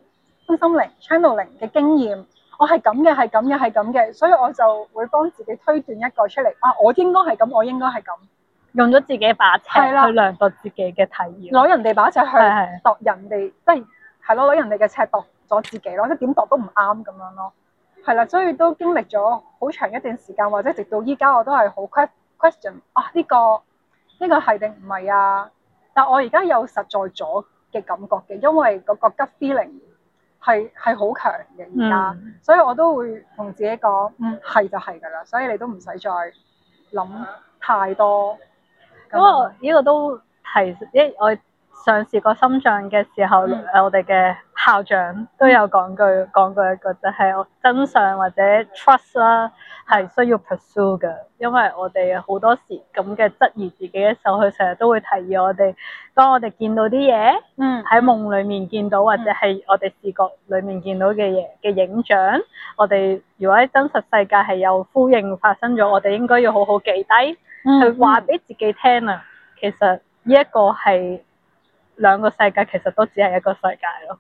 新心靈 channeling 嘅經驗，我係咁嘅，係咁嘅，係咁嘅，所以我就會幫自己推斷一個出嚟。啊，我應該係咁，我應該係咁。用咗自己把尺的去量度自己嘅體驗，攞人哋把尺去度人哋，即係係咯，攞人哋嘅、就是、尺度咗自己咯，即點度都唔啱咁樣咯。係啦，所以都經歷咗好長一段時間，或者直到依家，我都係好 question 啊呢、呢個呢、呢個係定唔係啊？但我而家有實在咗嘅感覺嘅，因為個 gut feeling 係係好強嘅。而家、嗯、所以我都會同自己講，嗯係就係噶啦，所以你都唔使再諗太多。不過呢個都提一，我上市個心象嘅時候，嗯、我哋嘅校長都有講句講過一個，就係、是、真相或者 trust 啦，係需要 pursue 嘅，因為我哋好多時咁嘅質疑自己嘅時候，佢成日都會提議我哋，當我哋見到啲嘢，嗯，喺夢裡面見到或者係我哋視覺裡面見到嘅嘢嘅影像，我哋如果喺真實世界係有呼應發生咗，我哋應該要好好記低。係話俾自己聽啊，其實呢一個係兩個世界，其實都只係一個世界咯。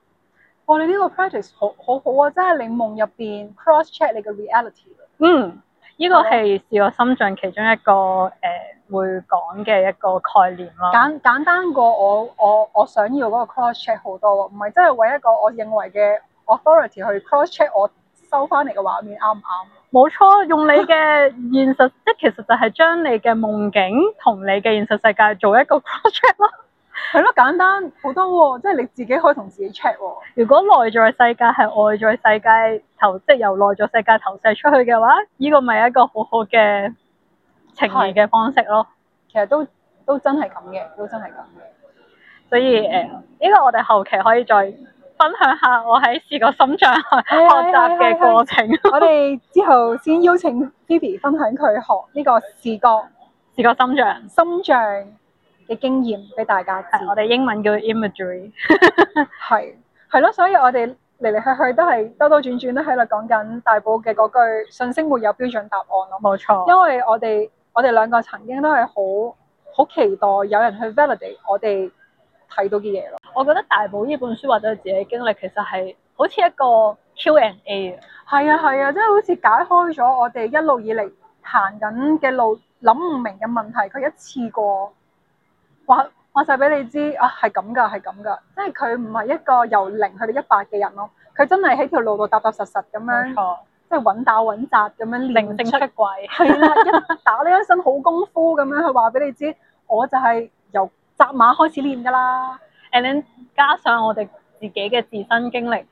哇！你呢個 practice 好好好啊，即係你夢入邊 cross check 你嘅 reality。嗯，呢、這個係自我心象其中一個誒、呃、會講嘅一個概念咯、哦。簡簡單過我我我想要個 cross check 好多，咯，唔係真係為一個我認為嘅 authority 去 cross check 我收翻嚟嘅畫面啱唔啱？合冇錯，用你嘅現實，即係 其實就係將你嘅夢境同你嘅現實世界做一個 project 咯。係咯，簡單好多，哦， 即係你自己可以同自己 check，哦。如果內在世界係外在世界投，即係由內在世界投射出去嘅話，呢個咪一個好好嘅呈現嘅方式咯。其實都都真係咁嘅，都真係咁嘅。所以誒，應、呃、該、這個、我哋後期可以再。分享下我喺視覺心象學習嘅過程。 是是是是我哋之後先邀請 Phoebe 分享佢學呢個視覺視覺心象心象嘅經驗俾大家知。我哋英文叫 imagery 係係咯，所以我哋嚟嚟去去都係兜兜轉轉都喺度講緊大寶嘅嗰句信息沒有標準答案咯。冇錯錯。因為我哋我哋兩個曾經都係好好期待有人去 validate 我哋。睇到啲嘢咯，我覺得大寶呢本書或者自己經歷其實係好似一個 Q and A 啊，係啊係啊，即係好似解開咗我哋一路以嚟行緊嘅路，諗唔明嘅問題，佢一次過話話曬俾你知啊，係咁噶，係咁噶，即係佢唔係一個由零去到一百嘅人咯，佢真係喺條路度踏踏實實咁樣，即係穩打穩扎咁樣練出嚟，係啦、啊， 一打呢一身好功夫咁樣，佢話俾你知，我就係由。紮馬開始練噶啦 And 加上我哋自己嘅自身經歷，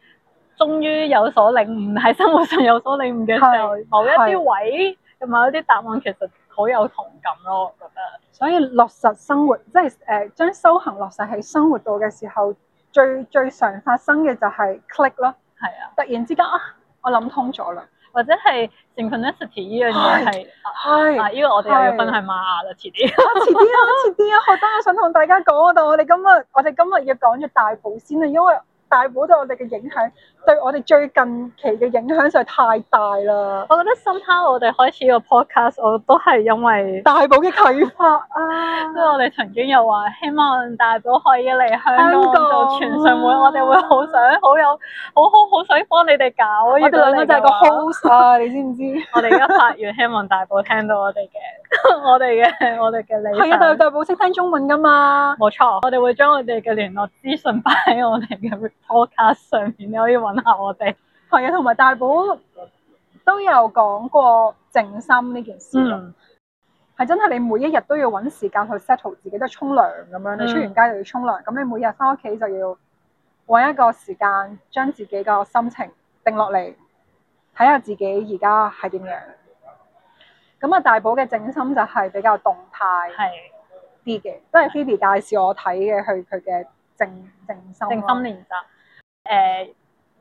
終於有所領悟喺生活上有所領悟嘅時候， 某一啲位同 某一啲答案其實好有同感咯，我覺得。 所以落實生活，即係誒，將、呃、修行落實喺生活度嘅時候，最最常發生嘅就係 click 咯，係啊， 突然之間啊，我諗通咗啦。或者係 synchronicity 依樣嘢係，係依個我哋又要分係馬喇。遲啲，遲啲啊，遲啲是啊，我真係想同大家講到，我哋今日我哋今日要講咗大寶先啦，因為大寶對我哋嘅影響。對我哋最近期嘅影響實在太大啦！我覺得 somehow 我哋開始個 podcast 我都係因為 大寶嘅啟發啊！即係 我哋曾經又話希望大寶可以嚟香港做港傳訊會，我會，我哋會好想好有好好好想幫你哋搞。我哋兩個就係個 host 啊， 你知唔知？ 我哋而家發完，希望大寶聽到我哋嘅， 我哋嘅，我哋嘅你。係啊，但係大寶識聽中文噶嘛？冇錯，我哋會將我哋嘅聯絡資訊擺喺我哋嘅 podcast 上面，你可以嗱，我哋係啊，同埋大寶都有講過靜心呢件事咯，係、mm. 真係你每一日都要揾時間去 settle 自己，即係沖涼咁樣你出完街就要沖涼。咁、mm. 你每日翻屋企就要揾一個時間，將自己個心情定落嚟，睇下自己而家係點樣。咁啊，大寶嘅靜心就係比較動態係啲嘅，是都係 Phoebe 介紹我睇嘅，去佢嘅靜靜心靜心練習誒。呃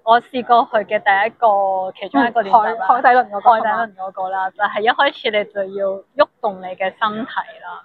我試過去嘅第一個其中一個練習啦，海底輪嗰個啦，就係一開始你就要喐動你嘅身體啦。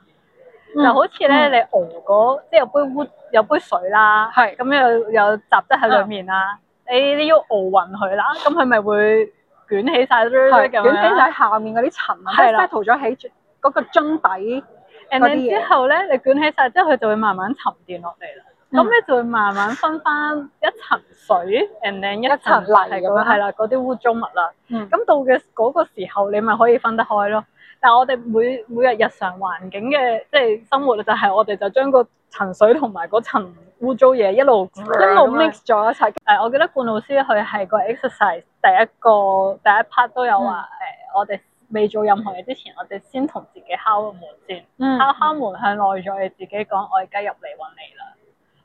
就好似咧，你熬嗰即係杯烏有杯水啦，係咁又有有雜質喺裏面啦，你你要熬勻佢啦，咁佢咪會捲起晒，捲起晒下面嗰啲塵啦，即係塗咗喺嗰個樽底嗰啲嘢。And then, 之後咧，你捲起晒之後，佢就會慢慢沉澱落嚟啦。咁你、嗯、就會慢慢分翻一層水，and then 一層泥係咁樣係啦，嗰啲污糟物啦。咁、嗯、到嘅嗰個時候，你咪可以分得開咯。但係我哋每每日日常環境嘅即係生活，就係我哋就將個層水同埋嗰層污糟嘢一路、嗯、一路 mix 咗一齊。誒、嗯，嗯、我記得冠老師佢係個 exercise 第一個第一 part 都有話誒、嗯呃，我哋未做任何嘢之前，嗯、我哋先同自己敲門先，敲敲門向內咗你自己講：我而家入嚟揾你啦。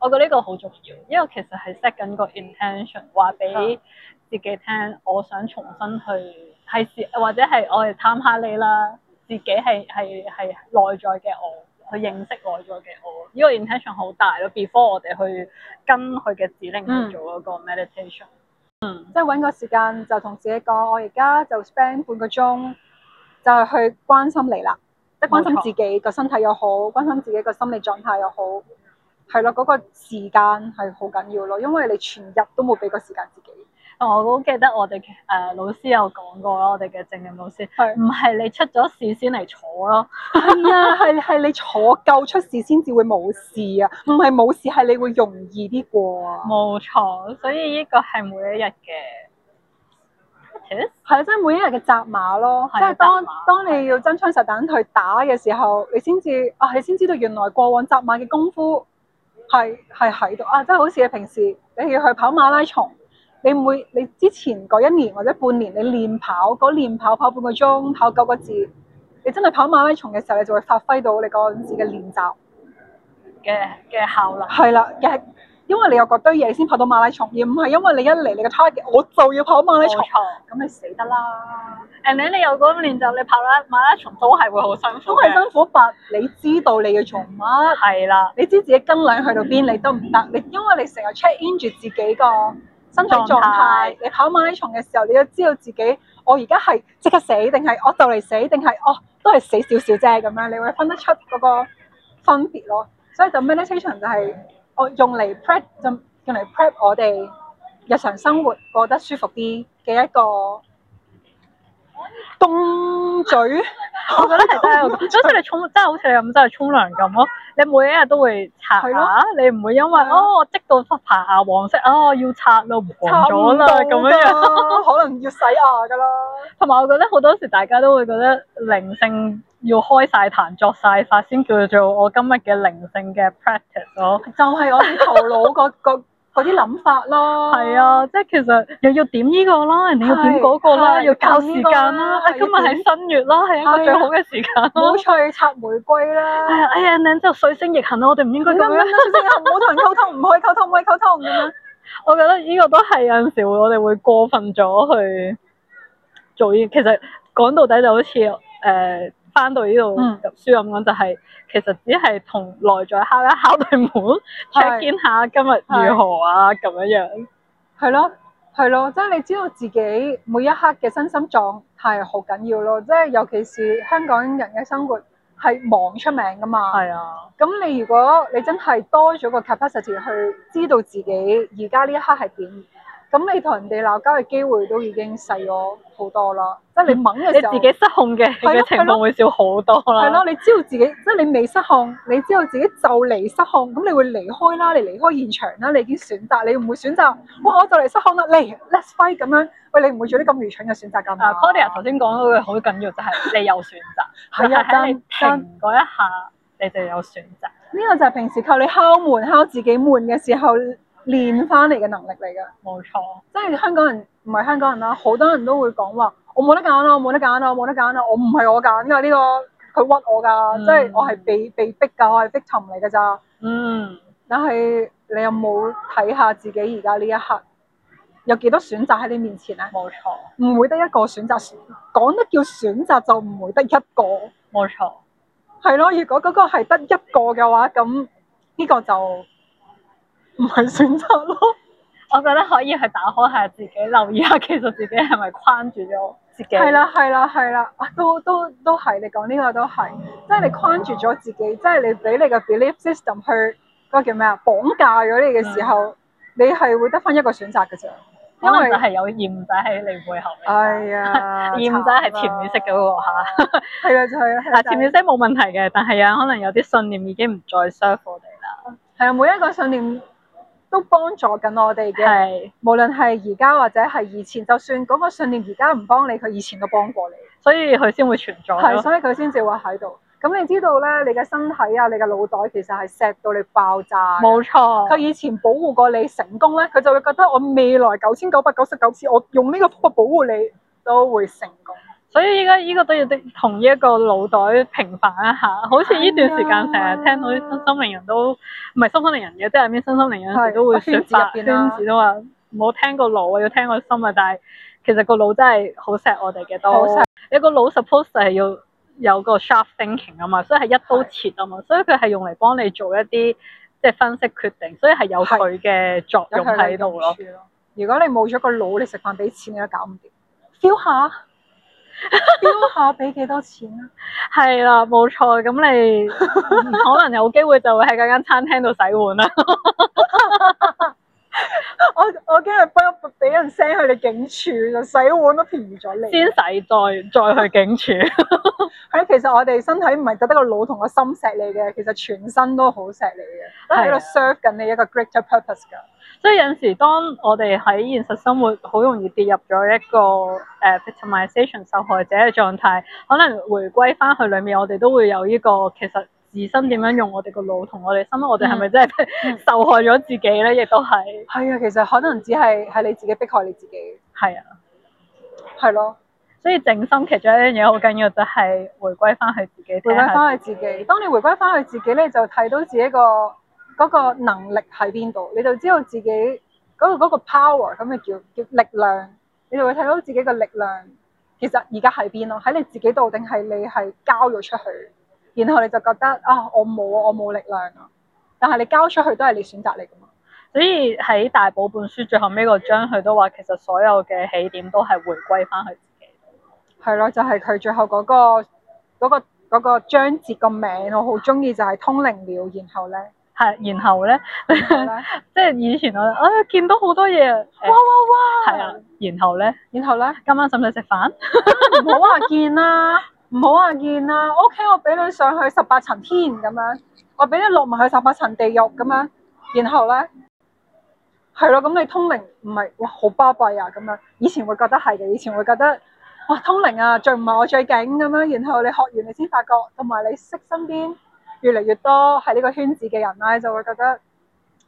我覺得呢個好重要，因為其實係 set 緊個 intention，話俾自己聽，我想重新去係或者係我哋探下你啦。自己係係係內在嘅我，去認識內在嘅我。呢個 intention 好大咯。Before 我哋去跟佢嘅指令去做嗰個 meditation，嗯，嗯即係揾個時間就同自己講，我而家就 spend 半個鐘，就係去關心你啦，即係關心自己個身體又好，冇錯，關心自己個心理狀態又好。係啦，嗰、那個時間係好緊要咯，因為你全日都冇俾個時間自己。哦、我好記得我哋誒、呃、老師有講過咯，我哋嘅正能量老師，係唔係你出咗事先嚟坐咯？係啊、 哎，係你坐夠出事先至會冇事啊，唔係冇事係你會容易啲過啊。冇錯，所以呢個係每一日嘅，嗯，係啊，即、就、係、是、每一日嘅紮馬咯，即係的當碼當你要真槍實彈去打嘅時候，你先至啊，你先知道原來過往紮馬嘅功夫。係係喺度啊！即係好似你平時你要去跑馬拉松，你唔會你之前嗰一年或者半年你練跑，嗰練跑跑半個鐘，跑九個字，你真係跑馬拉松嘅時候，你就會發揮到你嗰陣時嘅練習嘅嘅效率。係啦，嘅。因為你有積堆嘢，先跑到馬拉松，而唔係因為你一嚟你個 target 我就要跑馬拉松。咁你死得啦 a 你你又嗰一年就你跑啦馬拉松都係會好辛苦，都係辛苦吧。你知道你要做乜？係啦，你知自己斤兩去到邊、嗯、你都唔得。你因為你成日 check in 住自己個身體狀態 態，你跑馬拉松嘅時候，你就知道自己我而家係即刻死，定係我就嚟死，定係哦都係死少少啫咁樣，你會分得出嗰個分別咯。所以就 mental training 就係、是。 用 p, 用我用嚟 prep 就用嚟 prep 我哋日常生活過得舒服啲嘅一個東嘴，我覺得係真係好似你沖，真係好似你咁真係沖涼咁咯。你每一日都會擦下，了你唔會因為了哦我積到刷牙黃色哦，要擦咯黃咗啦咁樣樣，可能要洗牙噶啦。同埋我覺得好多時大家都會覺得靈性。要開晒壇作晒法先叫做我今日嘅靈性嘅 practice 咯， 就係我啲頭腦嗰嗰啲諗法咯。係 啊，即係其實又要點呢個啦，人哋要點嗰個啦，要較時間啦、嗯。今日係新月啦，係一個最好嘅時間。好趣插玫瑰啦。哎呀，哎你就水星逆行啦，我哋唔應該咁樣。水星逆行唔好同人溝通，唔 可以溝通，唔可以溝通咁樣。 我覺得呢個都係有陣時候我哋會過分咗去做嘢。其實講到底就好似誒。呃翻到呢度讀書咁講，嗯、就係、是、其實只係同內在一敲是一敲對門 check in 下今日如何啊，咁是樣樣係咯，係咯，即係、就是、你知道自己每一刻嘅身心狀態好緊要咯。即、就、係、是、尤其是香港人嘅生活係忙出名噶嘛，係啊的。咁你如果你真係多咗個 capacity 去知道自己而家呢一刻係點？咁你同人哋鬧交嘅機會都已經細咗好多啦，即係你掹嘅時候，你自己失控嘅情況會少好多啦。係咯、嗯，嗯、你知道自己，即係對吧 你未失控，你知道自己就嚟失控，咁你會離開啦，你離開現場啦，你已經選擇， 你唔會選擇，哇！我就嚟失控啦，你 let's fight 咁樣，喂，你唔會做啲咁愚蠢嘅選擇㗎嘛？啊，Claudia 頭先講嗰個好緊要 就係你有選擇，係啊， 喺你停嗰一下，你就有選擇。呢個就係平時靠你敲門、敲自己門嘅時候。練翻嚟嘅能力嚟噶，冇錯。即係香港人唔係香港人啦，好多人都會講話我冇得揀啦，冇得揀啦，冇得揀啦，我唔係我揀噶呢個，佢屈我噶，即係我係被被逼噶，我係逼沉嚟噶咋。嗯。但係你有冇睇下自己而家呢一刻，有幾多選擇喺你面前咧？冇錯。唔會得一個選擇，講得叫選擇就唔會得一個。冇錯。係咯，如果嗰個係得一個嘅話，咁呢個就。唔係選擇咯，我覺得可以去打開下自己，留意下，其實自己係咪框住咗自己？係啦，係啦，係啦，都都都係。你講呢個都係，即係你框住咗自己，即係你俾你個 belief system 去嗰個叫咩啊？綁架咗你嘅時候，你係會得翻一個選擇嘅啫。因為係有鹽仔喺你背後。係啊，鹽仔係潛意識嘅嗰個吓。係啦，就係啦，嗱，潛意識冇問題嘅，但係啊，可能有啲信念已經唔再 serve 我哋啦。係啊，每一個信念。都幫助緊我哋嘅，係無論係而家或者係以前，就算嗰個信念而家唔幫你，佢以前都幫過你所，所以佢先會存在，係所以佢先至會喺度。咁你知道咧，你嘅身體啊，你嘅腦袋其實係錫到你爆炸，冇錯。佢以前保護過你成功咧，佢就會覺得我未來九千九百九十九次，我用呢個方法保護你都會成功。所以依家依個都要啲同呢一個腦袋平反一下，好似呢段時間成日聽到啲身心靈人都唔係身心靈人嘅，即係啲身心靈人有時都會説法，圈子入邊啦，冇聽個腦啊，要聽個心啊，但係其實腦，個腦真係好錫我哋嘅，都好錫。你個腦 suppose 就係要有個 sharp thinking 啊嘛，所以係一刀切啊嘛，是所以佢係用嚟幫你做一啲即係分析決定，所以係有佢嘅作用喺度咯。如果你冇咗個腦，你食飯俾錢你都搞唔掂。Feel 下。標 下俾幾多錢啊？係啦，冇錯，咁你、 嗯、可能有機會就會喺嗰間餐廳度洗碗啦。 我我驚係俾人 send 去你警署，就洗碗都便宜咗你。先洗再再去警署。係 其實我哋身體唔係就得個腦同個心錫你嘅，其實全身都好錫你嘅，的都喺度 serve 緊你一個 greater purpose 噶。所以有時當我哋喺現實生活好容易跌入咗一個誒 victimization 受害者嘅狀態，可能回歸翻去裏面，我哋都會有呢個其實。自身點樣用我哋個腦同我哋心，嗯、我哋係咪真係 受害咗自己咧？亦都係，係啊，其實可能只係係你自己逼害你自己。係啊的，係咯的，所以靜心其中一樣嘢好緊要，就係、是、回歸翻去自己，看看自己回歸翻去自己。當你回歸翻去自己咧，你就睇到自己個、那個能力喺邊度，你就知道自己嗰個、那個 power，咁咪叫叫力量。你就會睇到自己嘅力量，其實而家喺邊咯？喺你自己度定係你係交咗出去？然後你就覺得啊，我冇啊，我冇力量啊。但係你交出去都係你選擇嚟噶嘛。所以喺大寶本書最後尾個章，佢都話其實所有嘅起點都係回歸翻佢自己。係咯，就係、係、佢最後嗰、嗰個嗰、嗰個、嗰個章節個名我，我好中意就係、係、通靈了。然後咧，係然後咧，即係 以前我啊、哎、見到好多嘢，哇哇哇！係啊、哎，然後咧，然後咧，今晚使唔使食飯？唔好話見啦。唔好話見啦，OK，我俾你上去十八層天咁樣，我俾你落埋去十八層地獄咁樣，然後咧係咯，咁你通靈唔係哇好巴閉啊咁樣，以前會覺得係嘅，以前會覺得哇通靈啊，最唔係我最勁咁樣，然後你學完你先發覺，同埋你識身邊越嚟越多喺呢個圈子嘅人呢，就會覺得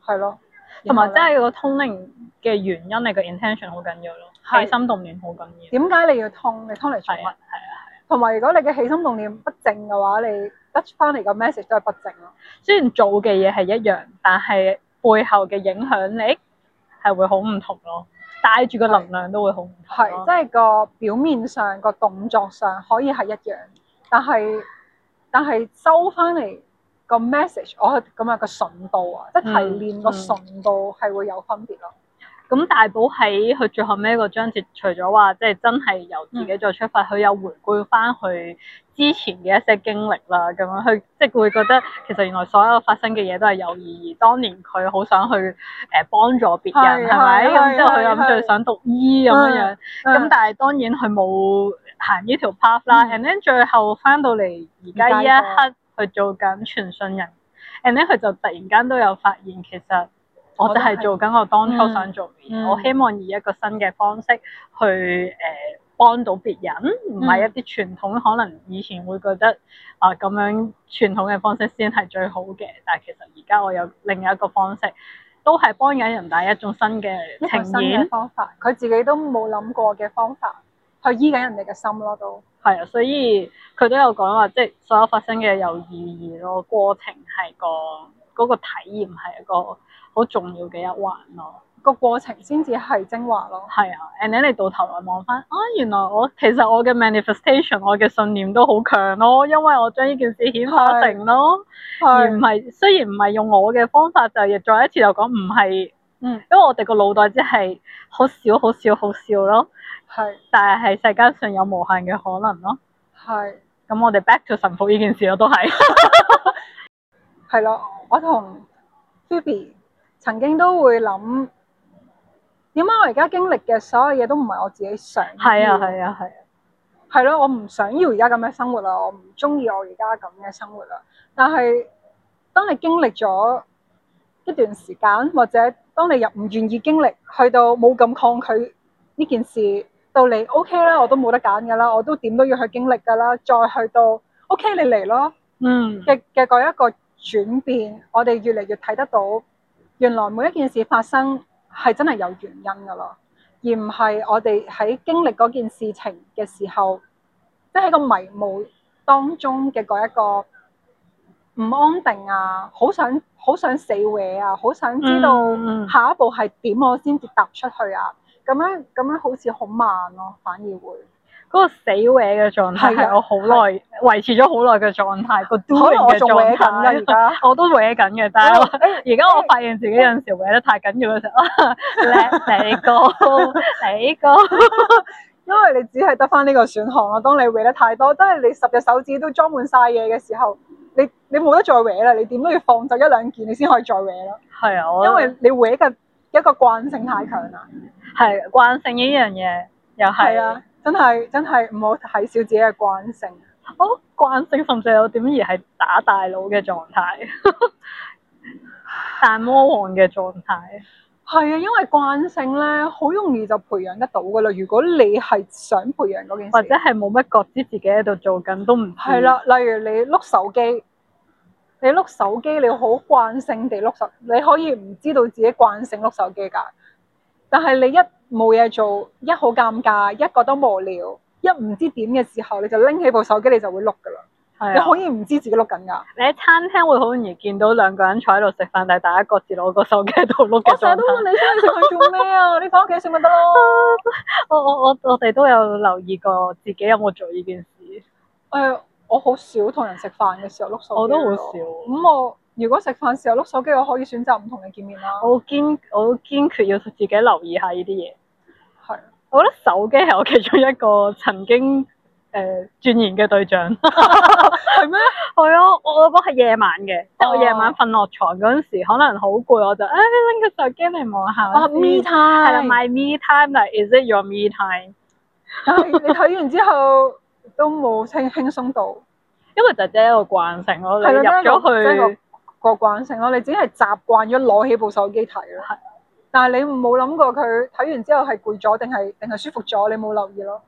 係咯，同埋真係個通靈嘅原因，你個 intention 好緊要咯，起心動念好緊要。點解你要通？你通嚟做乜？係啊。同埋，如果你嘅起心動念不正嘅話，你得翻嚟個 message 都係不正咯。雖然做嘅嘢係一樣，但係背後嘅影響力係會好唔同咯，帶住個能量都會好唔同。係，即係個表面上、個動作上可以係一樣，但係但係收翻嚟個 message，我咁啊個純度啊，嗯、即係提煉個純度係會有分別咯。嗯嗯咁大寶喺佢最後尾一個章節，除咗話即係真係由自己再出發，佢又、嗯、回顧翻佢之前嘅一些經歷啦，咁樣佢即係會覺得其實原來所有發生嘅嘢都係有意義。當年佢好想去誒、呃、幫助別人，係咪？咁之後佢又最想讀醫咁樣。咁但係當然佢冇行呢條 path 啦。And then、嗯、最後翻到嚟而家呢一刻去做緊傳信人。And then 佢就突然間都有發現其實。我都係做緊我當初想做嘅，嗯嗯嗯、我希望以一個新嘅方式去誒幫、呃、到別人，唔係一啲傳統可能以前會覺得啊咁、呃、樣傳統嘅方式先係最好嘅，但係其實而家我有另一個方式，都係幫緊人，帶一種新嘅一個新嘅方法，佢自己都冇諗過嘅方法去醫緊人哋嘅心咯，都係啊，所以佢都有講話，即係所有發生嘅有意義咯，那個、過程係個嗰、那個體驗係一個好重要嘅一環咯，個過程先至係精華咯。係啊，and then 你到頭來望翻，啊，原來我其實我嘅 manifestation，我嘅信念都好強咯，因為我將呢件事顯化成咯，而唔係，雖然唔係用我嘅方法，就亦、是、再一次又講唔係，嗯，因為我哋個腦袋即係好小好小好小咯，係是，但係係世間上有無限嘅可能咯，係是，咁我哋 back to 臣服呢件事咯，都係，係 咯，啊，我同 Phoebe 曾經都會諗點解我而家經歷嘅所有嘢都唔係我自己想係啊，係啊，係啊，係咯。我唔想要而家咁嘅生活啦，我唔中意我而家咁嘅生活啦。但係當你經歷咗一段時間，或者當你又唔願意經歷，去到冇咁抗拒呢件事到你 O K 啦，我都冇得揀㗎啦，我都點都要去經歷㗎啦。再去到 OK，你嚟咯，嗯嘅嘅一個轉變，我哋越嚟越睇得到。原來每一件事發生係真係有原因㗎咯，而唔係我哋喺經歷嗰件事情嘅時候，即係個迷霧當中嘅嗰一個唔安定啊，好想好想死會啊，好想知道下一步係點我先至踏出去啊，咁樣咁樣好似好慢咯、啊，反而會。嗰個死歪嘅狀態係的我好耐的維持咗好耐嘅狀態，個 doing 嘅狀態，我都搲緊嘅。而家我都歪緊嘅，但係而家我發現自己有陣時歪得太緊要嘅時候，叻死哥死哥，因為你只係得返呢個選項啦。當你歪得太多，即係你十隻手指都裝滿晒嘢嘅時候，你你冇得再歪啦。你點都要放走一兩件，你先可以再歪咯。係啊，因為你歪嘅一個慣性太強啦。係慣性呢樣嘢又係。的真係真係唔好睇小自己嘅慣性，好、哦，慣性瞓醒，我點而係打大佬嘅狀態，打 魔王嘅狀態。係啊，因為慣性咧，好容易就培養得到噶啦。如果你係想培養嗰件事，或者係冇乜覺知自己喺度做緊都唔係啦。例如你碌手機，你碌手機，你好慣性地碌手，你可以唔知道自己慣性碌手機㗎，但係你一。冇嘢做，一好尷尬，一覺得無聊，一唔知點嘅時候，你就拎起部手機你就會碌噶啦。係啊、你可以唔知自己碌緊噶。你喺餐廳會好容易見到兩個人坐喺度食飯，但係大家各自攞個手機喺度碌嘅狀態。我成日都問你出去食去做咩啊？你返屋企食咪得咯。我我我我哋都有留意過自己有冇做呢件事。誒、哎，我好少同人食飯嘅時候碌手機，我都好少。咁我。如果食飯時候碌手機，我可以選擇唔同嘅見面啦。我堅我堅決要自己留意下呢啲嘢。係，我覺得手機係我其中一個曾經誒鑽研嘅對象。係咩？係啊，我嗰個係夜晚嘅，我夜晚瞓落床嗰陣時可能好攰，我就誒拎個手機嚟望下。我 me time 係啦，my me time，但係 is it your me time？你睇完之後都冇輕輕鬆到，因為就只係一個慣性咯。你入咗去，個慣性咯，你只係習慣咗攞起部手機睇，係的，但係你冇諗過佢睇完之後係攰咗定係定係舒服咗？你冇留意咯。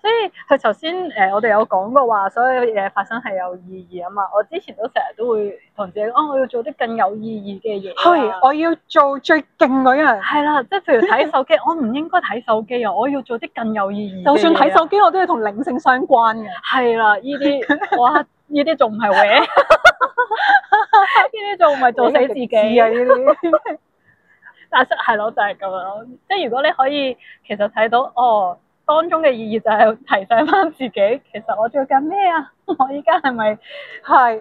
所以佢頭先誒，我哋有講過話，所有嘢發生係有意義啊嘛。我之前都成日都會同自己講哦，我要做啲更有意義嘅嘢，係我要做最勁嗰樣，係啦，即係譬如睇手機，我唔應該睇手機啊，我要做啲更有意義，就算睇手機我都係同靈性相關嘅，係啦，呢啲 哇，呢啲仲唔係嘅。 呢啲做唔係做死自己，啊、 但係係咯，就係、是、咁樣咯。即係如果你可以，其實睇到哦當中嘅意義就係提醒翻自己，其實我做緊咩啊？ 我依家係咪係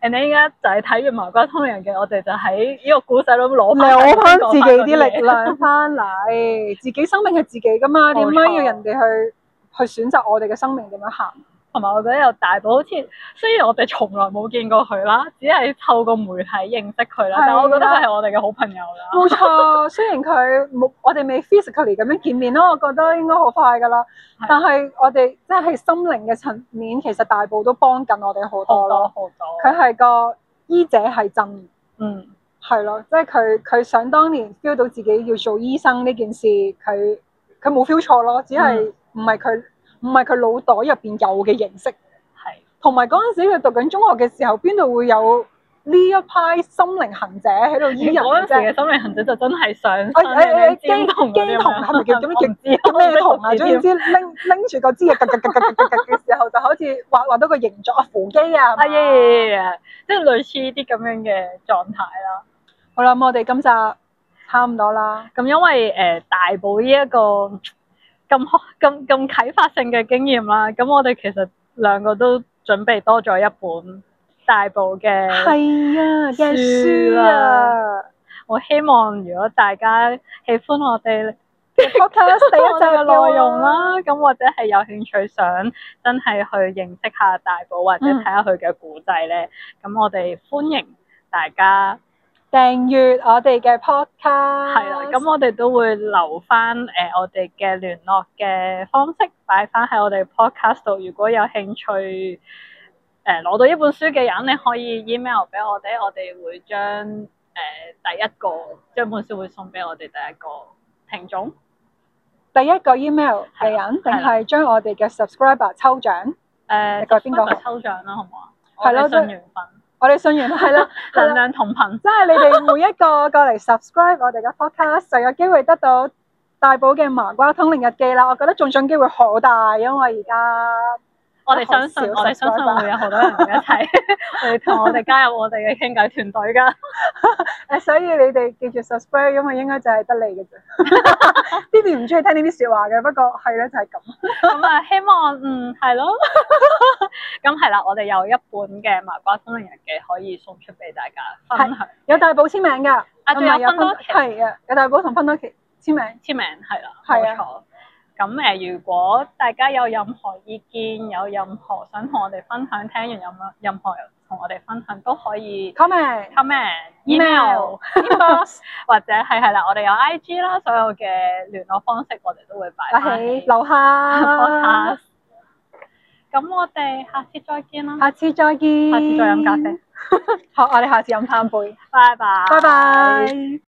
人哋 d 依家就係睇完《麻瓜通人》嘅，我哋就喺呢個故事度攞翻自己啲力量翻嚟。 自己生命係自己噶嘛，點解要人哋去 去選擇我哋嘅生命點樣行？同埋我覺得有大寶，好似雖然我哋從來冇見過佢啦，只係透過媒體認識佢啦，的但係我覺得佢係我哋嘅好朋友啦。冇錯， 雖然佢冇我哋未 physically 咁樣見面咯，我覺得應該好快噶啦。的但係我哋即係喺心靈嘅層面，其實大寶都幫緊我哋好多咯。好多，佢係個醫者，係真。嗯，係咯，即係佢佢想當年 feel 到自己要做醫生呢件事，佢佢冇 feel 錯咯，只係唔係佢。嗯唔係佢腦袋入邊有嘅認識，係同埋嗰陣時佢讀緊中學嘅時候，邊度會有呢一派心靈行者喺度？嗰陣時嘅心靈行者就真係想，哎哎哎，乩童乩童係咪叫？咁樣叫咩童啊？總言之，拎拎住個枝嘅，嘅嘅嘅嘅嘅嘅時候，就好似畫畫到個形狀啊，扶乩啊，係係係，即係類似啲咁樣嘅狀態啦。好啦，咁我哋今集差唔多啦。咁因為誒大寶呢一個。咁咁咁啟發性嘅經驗啦！咁我哋其實兩個都準備多咗一本大寶嘅係啊嘅書啦。是是啊、我希望如果大家喜歡我哋 我睇 o k 一死一集嘅內容啦，咁 或者係有興趣想真係去認識下大寶，或者睇下佢嘅古仔咧，咁、嗯、我哋歡迎大家。訂閱我哋嘅 podcast，係啦，咁我哋都會留翻誒、呃、我哋嘅聯絡嘅方式，擺翻喺我哋 podcast 度。如果有興趣誒攞，呃、到一本書嘅人，你可以 email 俾我哋，我哋會將誒，呃、第一個將本書會送俾我哋第一個聽眾，第一個 email 嘅人，定係將我哋嘅 subscriber 抽獎誒邊個抽獎啦，好唔好啊？係咯的，信緣分。我哋信完係啦，能量 同頻，即係你哋每一個過嚟 subscribe 我哋嘅 podcast，就有機會得到大寶嘅麻瓜通靈日記啦。我覺得中獎機會好大，因為而家。我哋相信，少我哋相信會有好多人一齊嚟同我哋加入我哋嘅傾偈團隊噶。誒、 呃，所以你哋記住 subscribe，因為應該就係得你嘅啫。B B 唔中意聽呢啲說話嘅，不過係咧就係、是、咁。咁啊， 希望嗯係咯。咁係啦，我哋有一本嘅《麻瓜通靈日記》可以送出俾大家分享，有大寶簽名噶，啊仲有分多奇，係啊，有大寶同分多奇簽名，簽名係啦，係啊。咁誒，如果大家有任何意見，有任何想同我哋分享，聽完有冇任何同我哋分享都可以 comment comment email、 e、inbox 或者係係啦，我哋有 IG 啦，所有嘅聯絡方式我哋都會擺喺樓下。咁 我哋下次再見啦，下次再見，下次再飲咖啡。好，我哋下次飲翻杯，拜拜，拜拜。